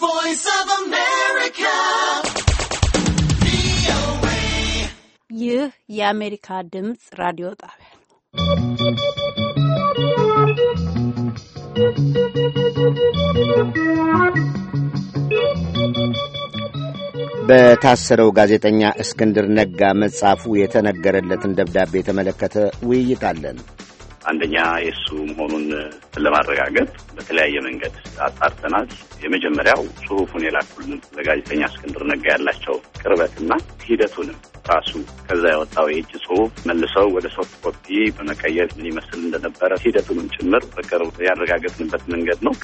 Voice of America. ይህ የአሜሪካ ድምፅ ራዲዮ ጣቢያ ነው። በታሰረው ጋዜጠኛ እስክንድር ነጋ መጻፉ የተነገረለትን ደብዳቤ የተመለከተ ውይይት አለን። አንደኛ የእሱ መሆኑን ለማረጋገጥ በተለያየ መንገድ አጣርተናል። የመጀመሪያው ጽሁፉን የላኩልን ለጋዜጠኛ እስክንድር ነጋ ያላቸው ቅርበትና ሂደቱንም ራሱ ከዛ የወጣው የእጅ ጽሁፍ መልሰው ወደ ሶፍት ኮፒ በመቀየር ምን ይመስል እንደነበረ ሂደቱንም ጭምር በቅርብ ያረጋገጥንበት መንገድ ነው።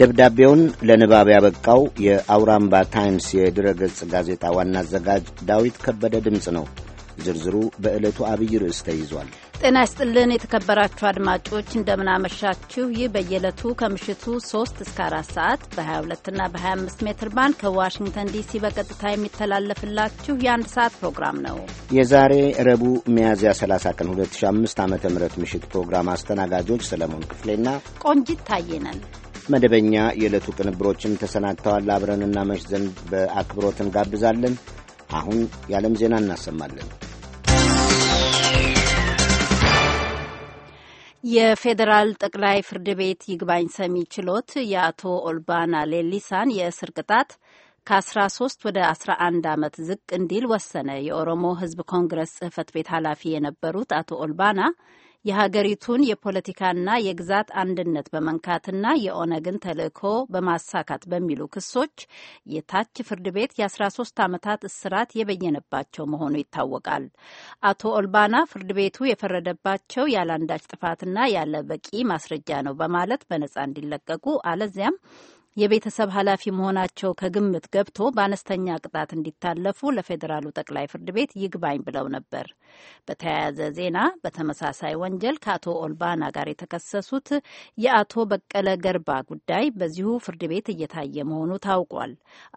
ደብዳቤውን ለንባብ ያበቃው የአውራምባ ታይምስ የድረገጽ ጋዜጣ ዋና አዘጋጅ ዳዊት ከበደ ድምፅ ነው። ዝርዝሩ በዕለቱ አብይ ርዕስ ተይዟል። ጤና ይስጥልን የተከበራችሁ አድማጮች እንደምናመሻችሁ። ይህ በየዕለቱ ከምሽቱ 3 እስከ 4 ሰዓት በ22 ና በ25 ሜትር ባንድ ከዋሽንግተን ዲሲ በቀጥታ የሚተላለፍላችሁ የአንድ ሰዓት ፕሮግራም ነው። የዛሬ ረቡዕ ሚያዝያ 30 ቀን 2005 ዓ ም ምሽት ፕሮግራም አስተናጋጆች ሰለሞን ክፍሌና ቆንጂት ታየነን። መደበኛ የዕለቱ ቅንብሮችም ተሰናድተዋል። አብረን እናመሽ ዘንድ በአክብሮት እንጋብዛለን። አሁን የዓለም ዜና እናሰማለን። የፌዴራል ጠቅላይ ፍርድ ቤት ይግባኝ ሰሚ ችሎት የአቶ ኦልባና ሌሊሳን የእስር ቅጣት ከ13 ወደ 11 ዓመት ዝቅ እንዲል ወሰነ። የኦሮሞ ሕዝብ ኮንግረስ ጽህፈት ቤት ኃላፊ የነበሩት አቶ ኦልባና የሀገሪቱን የፖለቲካና የግዛት አንድነት በመንካትና የኦነግን ተልእኮ በማሳካት በሚሉ ክሶች የታች ፍርድ ቤት የ13 ዓመታት እስራት የበየነባቸው መሆኑ ይታወቃል። አቶ ኦልባና ፍርድ ቤቱ የፈረደባቸው ያለ አንዳች ጥፋትና ያለ በቂ ማስረጃ ነው በማለት በነጻ እንዲለቀቁ አለዚያም የቤተሰብ ኃላፊ መሆናቸው ከግምት ገብቶ በአነስተኛ ቅጣት እንዲታለፉ ለፌዴራሉ ጠቅላይ ፍርድ ቤት ይግባኝ ብለው ነበር። በተያያዘ ዜና በተመሳሳይ ወንጀል ከአቶ ኦልባና ጋር የተከሰሱት የአቶ በቀለ ገርባ ጉዳይ በዚሁ ፍርድ ቤት እየታየ መሆኑ ታውቋል።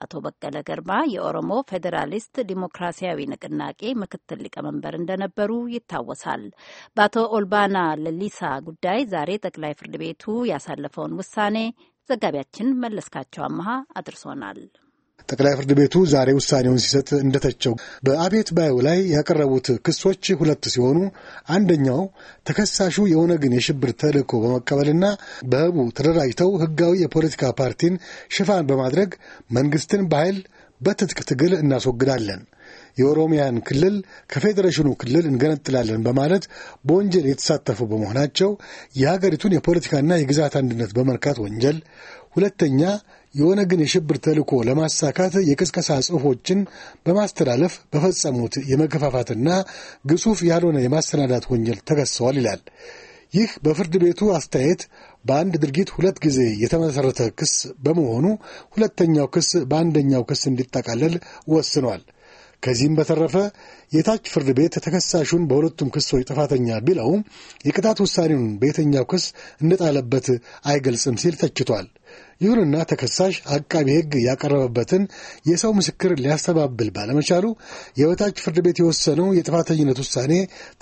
አቶ በቀለ ገርባ የኦሮሞ ፌዴራሊስት ዲሞክራሲያዊ ንቅናቄ ምክትል ሊቀመንበር እንደነበሩ ይታወሳል። በአቶ ኦልባና ለሊሳ ጉዳይ ዛሬ ጠቅላይ ፍርድ ቤቱ ያሳለፈውን ውሳኔ ዘጋቢያችን መለስካቸው አመሀ አድርሶናል። ጠቅላይ ፍርድ ቤቱ ዛሬ ውሳኔውን ሲሰጥ እንደተቸው በአቤት ባዩ ላይ ያቀረቡት ክሶች ሁለት ሲሆኑ አንደኛው ተከሳሹ የኦነግን የሽብር ተልእኮ በመቀበልና በህቡ ተደራጅተው ህጋዊ የፖለቲካ ፓርቲን ሽፋን በማድረግ መንግስትን በኃይል በትጥቅ ትግል እናስወግዳለን የኦሮሚያን ክልል ከፌዴሬሽኑ ክልል እንገነጥላለን በማለት በወንጀል የተሳተፉ በመሆናቸው የሀገሪቱን የፖለቲካና የግዛት አንድነት በመርካት ወንጀል፣ ሁለተኛ የኦነግን የሽብር ተልዕኮ ለማሳካት የቅስቀሳ ጽሑፎችን በማስተላለፍ በፈጸሙት የመገፋፋትና ግሱፍ ያልሆነ የማሰናዳት ወንጀል ተከሰዋል ይላል። ይህ በፍርድ ቤቱ አስተያየት በአንድ ድርጊት ሁለት ጊዜ የተመሠረተ ክስ በመሆኑ ሁለተኛው ክስ በአንደኛው ክስ እንዲጠቃለል ወስኗል። ከዚህም በተረፈ የታች ፍርድ ቤት ተከሳሹን በሁለቱም ክሶች ጥፋተኛ ቢለውም የቅጣት ውሳኔውን በየትኛው ክስ እንደጣለበት አይገልጽም ሲል ተችቷል። ይሁንና ተከሳሽ አቃቢ ሕግ ያቀረበበትን የሰው ምስክር ሊያስተባብል ባለመቻሉ የበታች ፍርድ ቤት የወሰነው የጥፋተኝነት ውሳኔ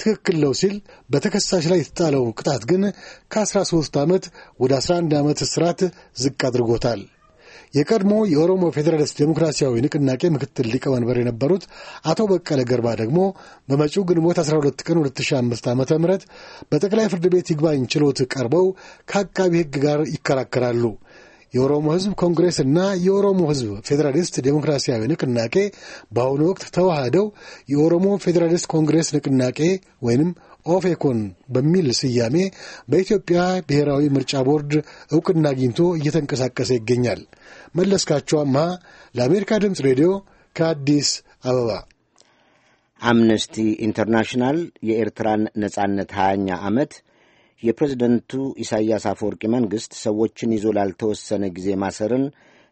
ትክክል ነው ሲል በተከሳሽ ላይ የተጣለው ቅጣት ግን ከ13 ዓመት ወደ 11 ዓመት እስራት ዝቅ አድርጎታል። የቀድሞ የኦሮሞ ፌዴራሊስት ዴሞክራሲያዊ ንቅናቄ ምክትል ሊቀመንበር የነበሩት አቶ በቀለ ገርባ ደግሞ በመጪው ግንቦት 12 ቀን 2005 ዓ ም በጠቅላይ ፍርድ ቤት ይግባኝ ችሎት ቀርበው ከአቃቢ ሕግ ጋር ይከራከራሉ። የኦሮሞ ሕዝብ ኮንግሬስ እና የኦሮሞ ሕዝብ ፌዴራሊስት ዴሞክራሲያዊ ንቅናቄ በአሁኑ ወቅት ተዋህደው የኦሮሞ ፌዴራሊስት ኮንግሬስ ንቅናቄ ወይንም ኦፌኮን በሚል ስያሜ በኢትዮጵያ ብሔራዊ ምርጫ ቦርድ እውቅና አግኝቶ እየተንቀሳቀሰ ይገኛል። መለስካቸው ለአሜሪካ ድምፅ ሬዲዮ ከአዲስ አበባ። አምነስቲ ኢንተርናሽናል የኤርትራን ነጻነት ሀያኛ ዓመት የፕሬዝደንቱ ኢሳያስ አፈወርቂ መንግሥት ሰዎችን ይዞ ላልተወሰነ ጊዜ ማሰርን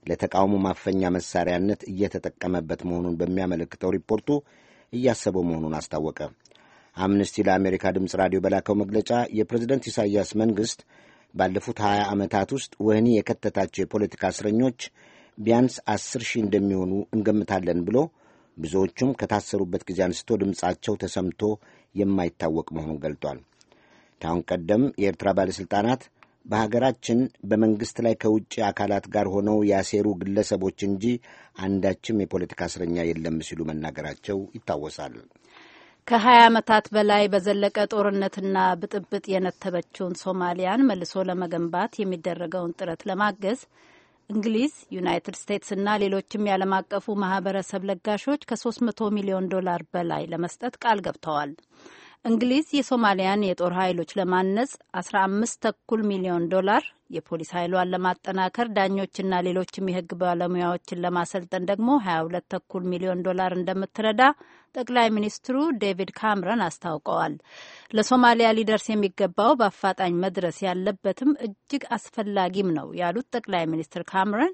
ለተቃውሞ ማፈኛ መሳሪያነት እየተጠቀመበት መሆኑን በሚያመለክተው ሪፖርቱ እያሰበው መሆኑን አስታወቀ። አምነስቲ ለአሜሪካ ድምፅ ራዲዮ በላከው መግለጫ የፕሬዝደንት ኢሳያስ መንግሥት ባለፉት 20 ዓመታት ውስጥ ወህኒ የከተታቸው የፖለቲካ እስረኞች ቢያንስ አስር ሺህ እንደሚሆኑ እንገምታለን ብሎ ብዙዎቹም ከታሰሩበት ጊዜ አንስቶ ድምፃቸው ተሰምቶ የማይታወቅ መሆኑን ገልጧል። ታሁን ቀደም የኤርትራ ባለሥልጣናት በሀገራችን በመንግሥት ላይ ከውጭ አካላት ጋር ሆነው ያሴሩ ግለሰቦች እንጂ አንዳችም የፖለቲካ እስረኛ የለም ሲሉ መናገራቸው ይታወሳል። ከ20 ዓመታት በላይ በዘለቀ ጦርነትና ብጥብጥ የነተበችውን ሶማሊያን መልሶ ለመገንባት የሚደረገውን ጥረት ለማገዝ እንግሊዝ፣ ዩናይትድ እና ሌሎችም የዓለም አቀፉ ማህበረሰብ ለጋሾች ከ300 ሚሊዮን ዶላር በላይ ለመስጠት ቃል ገብተዋል። እንግሊዝ የሶማሊያን የጦር ኃይሎች ለማነጽ 15 ተኩል ሚሊዮን ዶላር፣ የፖሊስ ኃይሏን ለማጠናከር ዳኞችና ሌሎችም የህግ ባለሙያዎችን ለማሰልጠን ደግሞ 22 ተኩል ሚሊዮን ዶላር እንደምትረዳ ጠቅላይ ሚኒስትሩ ዴቪድ ካምረን አስታውቀዋል። ለሶማሊያ ሊደርስ የሚገባው በአፋጣኝ መድረስ ያለበትም እጅግ አስፈላጊም ነው ያሉት ጠቅላይ ሚኒስትር ካምረን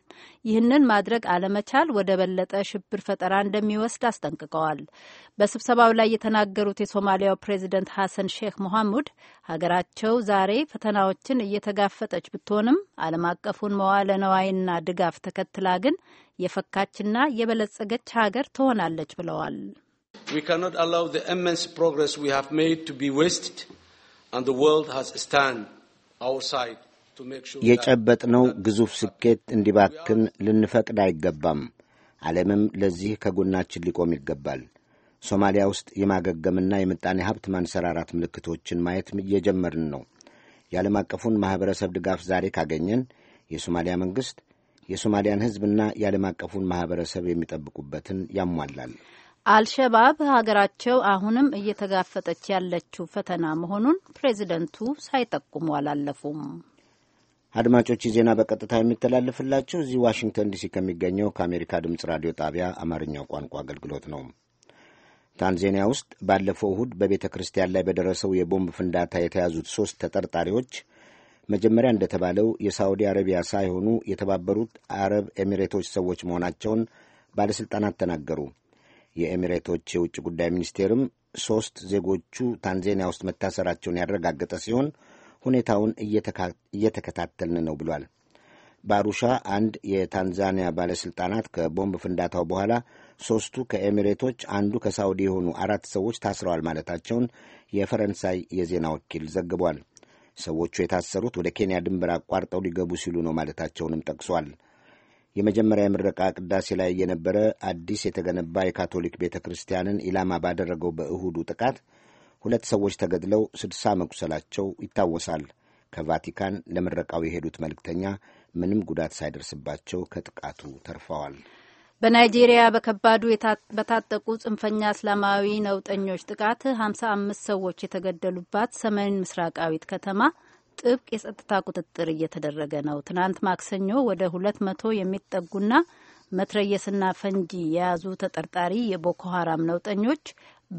ይህንን ማድረግ አለመቻል ወደ በለጠ ሽብር ፈጠራ እንደሚወስድ አስጠንቅቀዋል። በስብሰባው ላይ የተናገሩት የሶማሊያው ፕሬዚደንት ሐሰን ሼክ ሞሐሙድ ሀገራቸው ዛሬ ፈተናዎችን እየተጋፈጠች ብትሆንም ዓለም አቀፉን መዋለ ነዋይና ድጋፍ ተከትላ ግን የፈካችና የበለጸገች ሀገር ትሆናለች ብለዋል። የጨበጥነው ግዙፍ ስኬት እንዲባክን ልንፈቅድ አይገባም። ዓለምም ለዚህ ከጎናችን ሊቆም ይገባል። ሶማሊያ ውስጥ የማገገምና የምጣኔ ሀብት ማንሰራራት ምልክቶችን ማየት እየጀመርን ነው። የዓለም አቀፉን ማኅበረሰብ ድጋፍ ዛሬ ካገኘን የሶማሊያ መንግሥት የሶማሊያን ሕዝብና የዓለም አቀፉን ማኅበረሰብ የሚጠብቁበትን ያሟላል። አልሸባብ ሀገራቸው አሁንም እየተጋፈጠች ያለችው ፈተና መሆኑን ፕሬዚደንቱ ሳይጠቁሙ አላለፉም። አድማጮች ዜና በቀጥታ የሚተላለፍላቸው እዚህ ዋሽንግተን ዲሲ ከሚገኘው ከአሜሪካ ድምፅ ራዲዮ ጣቢያ አማርኛው ቋንቋ አገልግሎት ነው። ታንዜኒያ ውስጥ ባለፈው እሁድ በቤተ ክርስቲያን ላይ በደረሰው የቦምብ ፍንዳታ የተያዙት ሦስት ተጠርጣሪዎች መጀመሪያ እንደተባለው የሳዑዲ አረቢያ ሳይሆኑ የተባበሩት አረብ ኤሚሬቶች ሰዎች መሆናቸውን ባለሥልጣናት ተናገሩ። የኤሚሬቶች የውጭ ጉዳይ ሚኒስቴርም ሦስት ዜጎቹ ታንዜኒያ ውስጥ መታሰራቸውን ያረጋገጠ ሲሆን ሁኔታውን እየተከታተልን ነው ብሏል። በአሩሻ አንድ የታንዛኒያ ባለሥልጣናት ከቦምብ ፍንዳታው በኋላ ሦስቱ ከኤሚሬቶች አንዱ ከሳውዲ የሆኑ አራት ሰዎች ታስረዋል ማለታቸውን የፈረንሳይ የዜና ወኪል ዘግቧል። ሰዎቹ የታሰሩት ወደ ኬንያ ድንበር አቋርጠው ሊገቡ ሲሉ ነው ማለታቸውንም ጠቅሷል። የመጀመሪያ የምረቃ ቅዳሴ ላይ የነበረ አዲስ የተገነባ የካቶሊክ ቤተ ክርስቲያንን ኢላማ ባደረገው በእሁዱ ጥቃት ሁለት ሰዎች ተገድለው ስድሳ መቁሰላቸው ይታወሳል። ከቫቲካን ለምረቃው የሄዱት መልእክተኛ ምንም ጉዳት ሳይደርስባቸው ከጥቃቱ ተርፈዋል። በናይጄሪያ በከባዱ በታጠቁ ጽንፈኛ እስላማዊ ነውጠኞች ጥቃት 55 ሰዎች የተገደሉባት ሰሜን ምስራቃዊት ከተማ ጥብቅ የጸጥታ ቁጥጥር እየተደረገ ነው። ትናንት ማክሰኞ ወደ ሁለት መቶ የሚጠጉና መትረየስና ፈንጂ የያዙ ተጠርጣሪ የቦኮ ሀራም ነውጠኞች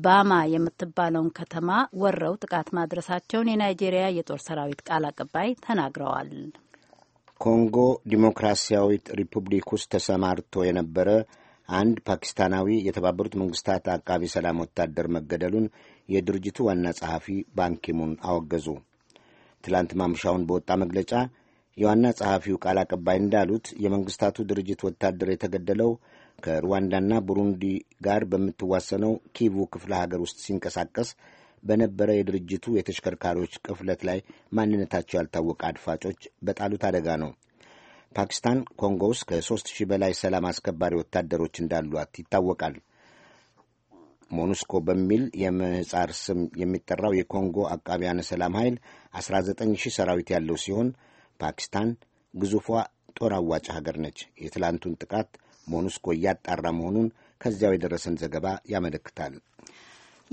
ባማ የምትባለውን ከተማ ወረው ጥቃት ማድረሳቸውን የናይጄሪያ የጦር ሰራዊት ቃል አቀባይ ተናግረዋል። ኮንጎ ዲሞክራሲያዊት ሪፑብሊክ ውስጥ ተሰማርቶ የነበረ አንድ ፓኪስታናዊ የተባበሩት መንግስታት አቃቢ ሰላም ወታደር መገደሉን የድርጅቱ ዋና ጸሐፊ ባንኪሙን አወገዙ። ትላንት ማምሻውን በወጣ መግለጫ የዋና ጸሐፊው ቃል አቀባይ እንዳሉት የመንግስታቱ ድርጅት ወታደር የተገደለው ከሩዋንዳና ቡሩንዲ ጋር በምትዋሰነው ኪቡ ክፍለ ሀገር ውስጥ ሲንቀሳቀስ በነበረ የድርጅቱ የተሽከርካሪዎች ቅፍለት ላይ ማንነታቸው ያልታወቀ አድፋጮች በጣሉት አደጋ ነው። ፓኪስታን ኮንጎ ውስጥ ከሦስት ሺህ በላይ ሰላም አስከባሪ ወታደሮች እንዳሏት ይታወቃል። ሞኑስኮ በሚል የምህጻር ስም የሚጠራው የኮንጎ አቃቢያነ ሰላም ኃይል 19 ሺህ ሰራዊት ያለው ሲሆን ፓኪስታን ግዙፏ ጦር አዋጭ ሀገር ነች። የትላንቱን ጥቃት ሞኑስኮ እያጣራ መሆኑን ከዚያው የደረሰን ዘገባ ያመለክታል።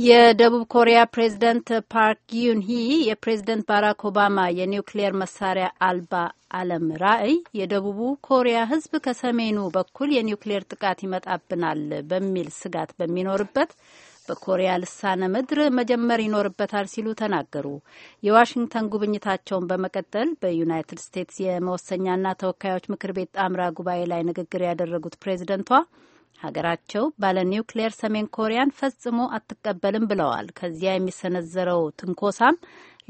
የደቡብ ኮሪያ ፕሬዝደንት ፓርክ ጊዩንሂ የፕሬዝደንት ባራክ ኦባማ የኒውክሌር መሳሪያ አልባ ዓለም ራዕይ የደቡቡ ኮሪያ ሕዝብ ከሰሜኑ በኩል የኒውክሌር ጥቃት ይመጣብናል በሚል ስጋት በሚኖርበት በኮሪያ ልሳነ ምድር መጀመር ይኖርበታል ሲሉ ተናገሩ። የዋሽንግተን ጉብኝታቸውን በመቀጠል በዩናይትድ ስቴትስ የመወሰኛና ተወካዮች ምክር ቤት ጣምራ ጉባኤ ላይ ንግግር ያደረጉት ፕሬዝደንቷ ሀገራቸው ባለ ኒውክሌር ሰሜን ኮሪያን ፈጽሞ አትቀበልም ብለዋል። ከዚያ የሚሰነዘረው ትንኮሳም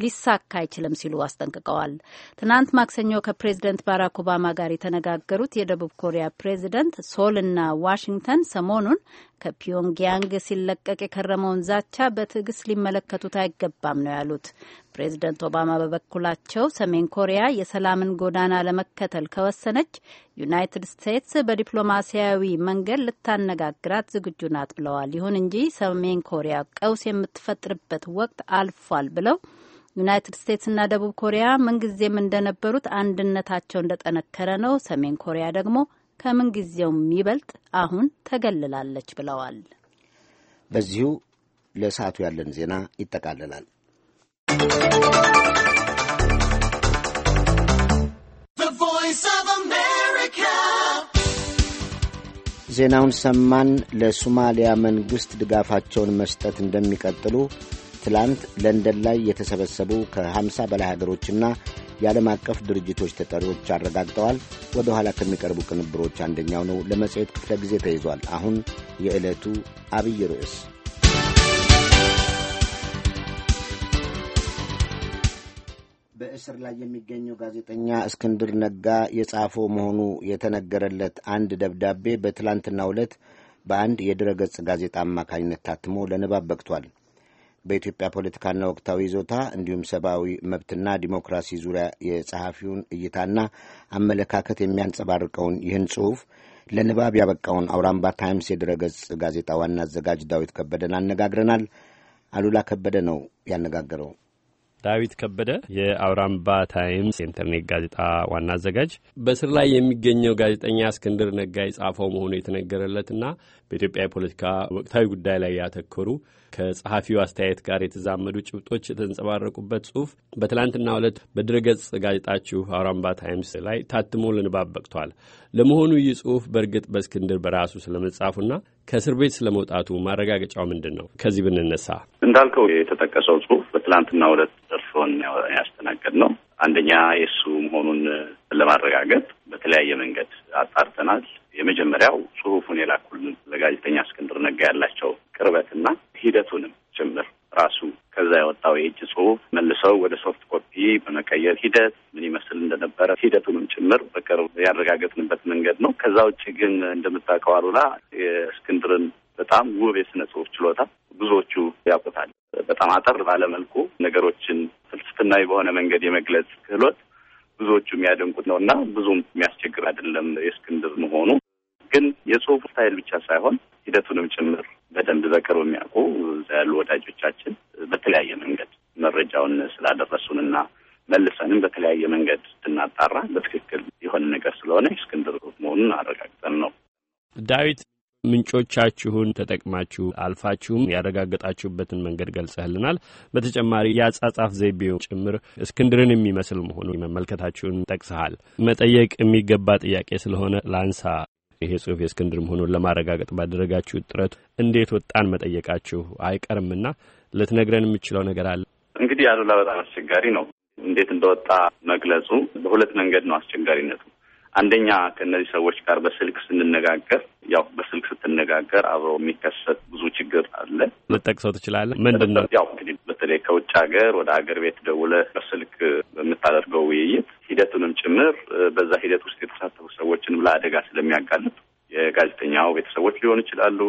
ሊሳካ አይችልም ሲሉ አስጠንቅቀዋል። ትናንት ማክሰኞ ከፕሬዝደንት ባራክ ኦባማ ጋር የተነጋገሩት የደቡብ ኮሪያ ፕሬዝደንት ሶልና ዋሽንግተን ሰሞኑን ከፒዮንግያንግ ሲለቀቅ የከረመውን ዛቻ በትዕግስት ሊመለከቱት አይገባም ነው ያሉት። ፕሬዝደንት ኦባማ በበኩላቸው ሰሜን ኮሪያ የሰላምን ጎዳና ለመከተል ከወሰነች ዩናይትድ ስቴትስ በዲፕሎማሲያዊ መንገድ ልታነጋግራት ዝግጁ ናት ብለዋል። ይሁን እንጂ ሰሜን ኮሪያ ቀውስ የምትፈጥርበት ወቅት አልፏል ብለው ዩናይትድ ስቴትስና ደቡብ ኮሪያ ምንጊዜም እንደነበሩት አንድነታቸው እንደጠነከረ ነው። ሰሜን ኮሪያ ደግሞ ከምንጊዜውም የሚበልጥ አሁን ተገልላለች ብለዋል። በዚሁ ለሰዓቱ ያለን ዜና ይጠቃልላል። ዜናውን ሰማን። ለሶማሊያ መንግሥት ድጋፋቸውን መስጠት እንደሚቀጥሉ ትላንት ለንደን ላይ የተሰበሰቡ ከ50 በላይ ሀገሮችና የዓለም አቀፍ ድርጅቶች ተጠሪዎች አረጋግጠዋል። ወደ ኋላ ከሚቀርቡ ቅንብሮች አንደኛው ነው። ለመጽሔት ክፍለ ጊዜ ተይዟል። አሁን የዕለቱ አብይ ርዕስ በእስር ላይ የሚገኘው ጋዜጠኛ እስክንድር ነጋ የጻፈው መሆኑ የተነገረለት አንድ ደብዳቤ በትላንትናው ዕለት በአንድ የድረገጽ ጋዜጣ አማካኝነት ታትሞ ለንባብ በቅቷል። በኢትዮጵያ ፖለቲካና ወቅታዊ ይዞታ እንዲሁም ሰብአዊ መብትና ዲሞክራሲ ዙሪያ የጸሐፊውን እይታና አመለካከት የሚያንጸባርቀውን ይህን ጽሑፍ ለንባብ ያበቃውን አውራምባ ታይምስ የድረገጽ ጋዜጣ ዋና አዘጋጅ ዳዊት ከበደን አነጋግረናል። አሉላ ከበደ ነው ያነጋገረው። ዳዊት ከበደ የአውራምባ ታይምስ የኢንተርኔት ጋዜጣ ዋና አዘጋጅ፣ በስር ላይ የሚገኘው ጋዜጠኛ እስክንድር ነጋ የጻፈው መሆኑ የተነገረለትና በኢትዮጵያ የፖለቲካ ወቅታዊ ጉዳይ ላይ ያተኮሩ ከጸሐፊው አስተያየት ጋር የተዛመዱ ጭብጦች የተንጸባረቁበት ጽሁፍ በትላንትና ዕለት በድረገጽ ጋዜጣችሁ አውራምባ ታይምስ ላይ ታትሞ ለንባብ በቅቷል። ለመሆኑ ይህ ጽሁፍ በእርግጥ በእስክንድር በራሱ ስለመጻፉና ከእስር ቤት ስለመውጣቱ ማረጋገጫው ምንድን ነው? ከዚህ ብንነሳ እንዳልከው የተጠቀሰው ጽሁፍ በትላንትና ዕለት ደርሶን ያስተናገድ ነው። አንደኛ የእሱ መሆኑን ለማረጋገጥ በተለያየ መንገድ አጣርተናል። የመጀመሪያው ጽሁፉን የላኩልን ለጋዜጠኛ እስክንድር ነጋ ያላቸው ቅርበትና ሂደቱንም ጭምር ራሱ ከዛ የወጣው የእጅ ጽሁፍ መልሰው ወደ ሶፍት ኮፒ በመቀየር ሂደት ምን ይመስል እንደነበረ ሂደቱንም ጭምር በቅርብ ያረጋገጥንበት መንገድ ነው። ከዛ ውጭ ግን እንደምታውቀው አሉላ የእስክንድርን በጣም ውብ የስነ ጽሁፍ ችሎታ ብዙዎቹ ያውቁታል። በጣም አጠር ባለመልኩ ነገሮችን ፍልስፍናዊ በሆነ መንገድ የመግለጽ ክህሎት ብዙዎቹ የሚያደንቁት ነው እና ብዙም የሚያስቸግር አይደለም የእስክንድር መሆኑ። ግን የጽሁፍ ስታይል ብቻ ሳይሆን ሂደቱንም ጭምር በደንብ በቅርብ የሚያውቁ እዛ ያሉ ወዳጆቻችን በተለያየ መንገድ መረጃውን ስላደረሱንና መልሰንም በተለያየ መንገድ ስናጣራ በትክክል የሆነ ነገር ስለሆነ እስክንድር መሆኑን አረጋግጠን ነው ዳዊት ምንጮቻችሁን ተጠቅማችሁ አልፋችሁም ያረጋገጣችሁበትን መንገድ ገልጸህልናል። በተጨማሪ የአጻጻፍ ዘይቤው ጭምር እስክንድርን የሚመስል መሆኑ መመልከታችሁን ጠቅሰሃል። መጠየቅ የሚገባ ጥያቄ ስለሆነ ላንሳ። ይሄ ጽሁፍ የእስክንድር መሆኑን ለማረጋገጥ ባደረጋችሁ ጥረት እንዴት ወጣን መጠየቃችሁ አይቀርምና ልትነግረን የምችለው ነገር አለ? እንግዲህ አሉላ፣ በጣም አስቸጋሪ ነው። እንዴት እንደወጣ መግለጹ በሁለት መንገድ ነው አስቸጋሪነቱ አንደኛ ከእነዚህ ሰዎች ጋር በስልክ ስንነጋገር ያው በስልክ ስትነጋገር አብሮ የሚከሰት ብዙ ችግር አለ። መጠቅሰው ትችላለህ? ምንድን ነው? ያው እንግዲህ በተለይ ከውጭ ሀገር ወደ ሀገር ቤት ደውለህ በስልክ በምታደርገው ውይይት ሂደቱንም ጭምር በዛ ሂደት ውስጥ የተሳተፉ ሰዎችን ብላ አደጋ ስለሚያጋልጥ የጋዜጠኛው ቤተሰቦች ሊሆን ይችላሉ፣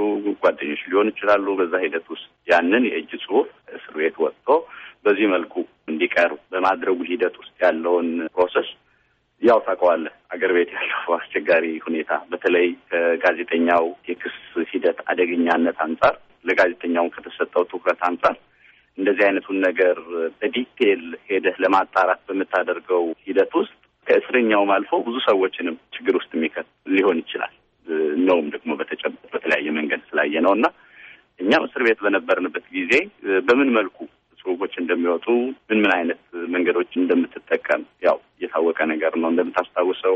ጓደኞች ሊሆን ይችላሉ። በዛ ሂደት ውስጥ ያንን የእጅ ጽሁፍ እስር ቤት ወጥቶ በዚህ መልኩ እንዲቀርብ በማድረጉ ሂደት ውስጥ ያለውን ፕሮሰስ ያው ታውቀዋለህ፣ አገር ቤት ያለው አስቸጋሪ ሁኔታ በተለይ ከጋዜጠኛው የክስ ሂደት አደገኛነት አንጻር ለጋዜጠኛውን ከተሰጠው ትኩረት አንጻር እንደዚህ አይነቱን ነገር በዲቴል ሄደህ ለማጣራት በምታደርገው ሂደት ውስጥ ከእስረኛውም አልፎ ብዙ ሰዎችንም ችግር ውስጥ የሚከት ሊሆን ይችላል። ነውም ደግሞ በተጨበጥ በተለያየ መንገድ ስላየ ነው እና እኛም እስር ቤት በነበርንበት ጊዜ በምን መልኩ ጽሁፎች እንደሚወጡ ምን ምን አይነት መንገዶች እንደምትጠቀም ያው የታወቀ ነገር ነው። እንደምታስታውሰው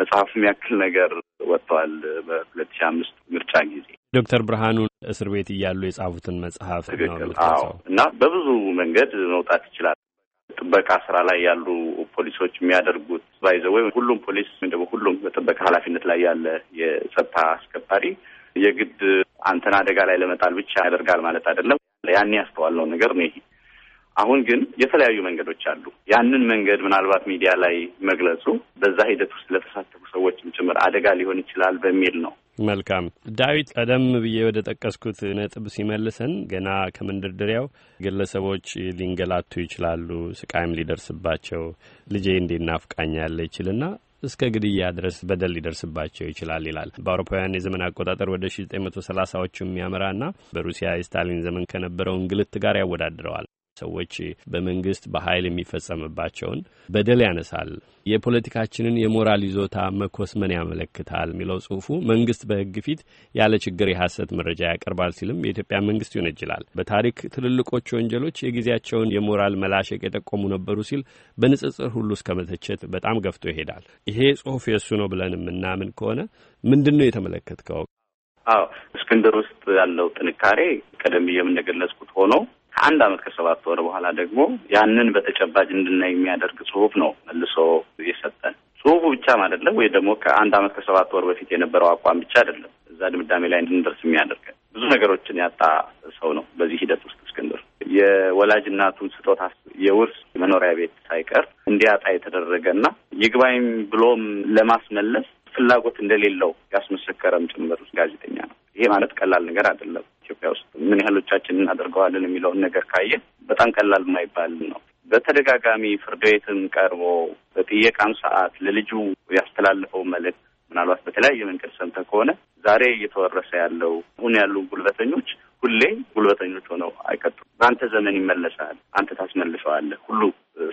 መጽሐፍ የሚያክል ነገር ወጥተዋል በሁለት ሺህ አምስት ምርጫ ጊዜ ዶክተር ብርሃኑን እስር ቤት እያሉ የጻፉትን መጽሐፍ እና በብዙ መንገድ መውጣት ይችላል። ጥበቃ ስራ ላይ ያሉ ፖሊሶች የሚያደርጉት ባይዘ ወይም ሁሉም ፖሊስ ወይም ደግሞ ሁሉም በጥበቃ ኃላፊነት ላይ ያለ የጸጥታ አስከባሪ የግድ አንተን አደጋ ላይ ለመጣል ብቻ ያደርጋል ማለት አይደለም። ያን ያስተዋልነው ነገር ነው ይሄ አሁን ግን የተለያዩ መንገዶች አሉ። ያንን መንገድ ምናልባት ሚዲያ ላይ መግለጹ በዛ ሂደት ውስጥ ለተሳተፉ ሰዎችም ጭምር አደጋ ሊሆን ይችላል በሚል ነው። መልካም ዳዊት፣ ቀደም ብዬ ወደ ጠቀስኩት ነጥብ ሲመልሰን ገና ከመንደርደሪያው ግለሰቦች ሊንገላቱ ይችላሉ፣ ስቃይም ሊደርስባቸው ልጄ እንዴት ናፍቃኛለች ይችልና እስከ ግድያ ድረስ በደል ሊደርስባቸው ይችላል ይላል። በአውሮፓውያን የዘመን አቆጣጠር ወደ 1930ዎቹ የሚያመራና በሩሲያ የስታሊን ዘመን ከነበረው እንግልት ጋር ያወዳድረዋል። ሰዎች በመንግስት በኃይል የሚፈጸምባቸውን በደል ያነሳል። የፖለቲካችንን የሞራል ይዞታ መኮስመን ያመለክታል የሚለው ጽሁፉ መንግስት በህግ ፊት ያለ ችግር የሐሰት መረጃ ያቀርባል ሲልም የኢትዮጵያ መንግስት ይወነጅላል። በታሪክ ትልልቆች ወንጀሎች የጊዜያቸውን የሞራል መላሸቅ የጠቆሙ ነበሩ ሲል በንጽጽር ሁሉ እስከ መተቸት በጣም ገፍቶ ይሄዳል። ይሄ ጽሁፍ የእሱ ነው ብለን የምናምን ከሆነ ምንድን ነው የተመለከትከው? አዎ እስክንድር ውስጥ ያለው ጥንካሬ ቀደም ብዬ ሆኖ ከአንድ አመት ከሰባት ወር በኋላ ደግሞ ያንን በተጨባጭ እንድናይ የሚያደርግ ጽሁፍ ነው መልሶ የሰጠን። ጽሁፉ ብቻም አይደለም ወይ ደግሞ ከአንድ አመት ከሰባት ወር በፊት የነበረው አቋም ብቻ አይደለም። እዛ ድምዳሜ ላይ እንድንደርስ የሚያደርገን ብዙ ነገሮችን ያጣ ሰው ነው። በዚህ ሂደት ውስጥ እስክንድር የወላጅ ስጦታ የውርስ መኖሪያ ቤት ሳይቀር እንዲያጣ የተደረገና ይግባኝ ብሎም ለማስመለስ ፍላጎት እንደሌለው ያስመሰከረም ጭምር ጋዜጠኛ ነው። ይሄ ማለት ቀላል ነገር አይደለም። ኢትዮጵያ ውስጥ ምን ያህሎቻችን እናደርገዋለን የሚለውን ነገር ካየ በጣም ቀላል የማይባል ነው። በተደጋጋሚ ፍርድ ቤትም ቀርቦ በጥየቃም ሰዓት ለልጁ ያስተላለፈው መልእክት ምናልባት በተለያየ መንገድ ሰምተ ከሆነ ዛሬ እየተወረሰ ያለው አሁን ያሉ ጉልበተኞች ሁሌ ጉልበተኞች ሆነው አይቀጡም በአንተ ዘመን ይመለሳል፣ አንተ ታስመልሰዋለህ ሁሉ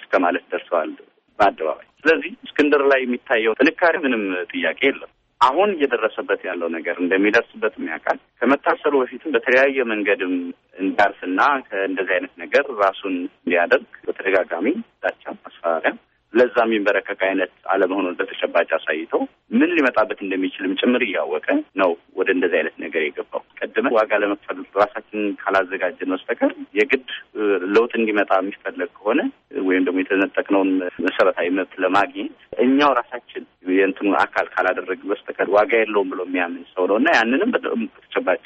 እስከ ማለት ደርሰዋል በአደባባይ። ስለዚህ እስክንድር ላይ የሚታየው ጥንካሬ ምንም ጥያቄ የለም። አሁን እየደረሰበት ያለው ነገር እንደሚደርስበት የሚያውቃል ከመታሰሩ በፊትም በተለያየ መንገድም እንዳርፍና ከእንደዚህ አይነት ነገር ራሱን እንዲያደርግ በተደጋጋሚ ዳቻ ማስፈራሪያ ለዛ የሚንበረከክ አይነት አለመሆኑን በተጨባጭ አሳይተው ምን ሊመጣበት እንደሚችልም ጭምር እያወቀ ነው ወደ እንደዚህ አይነት ነገር የገባው። ቀድመ ዋጋ ለመክፈል ራሳችንን ካላዘጋጀን በስተቀር የግድ ለውጥ እንዲመጣ የሚፈለግ ከሆነ ወይም ደግሞ የተነጠቅነውን መሰረታዊ መብት ለማግኘት እኛው ራሳችን የእንትኑ አካል ካላደረግ በስተቀር ዋጋ የለውም ብሎ የሚያምን ሰው ነው እና ያንንም በተጨባጭ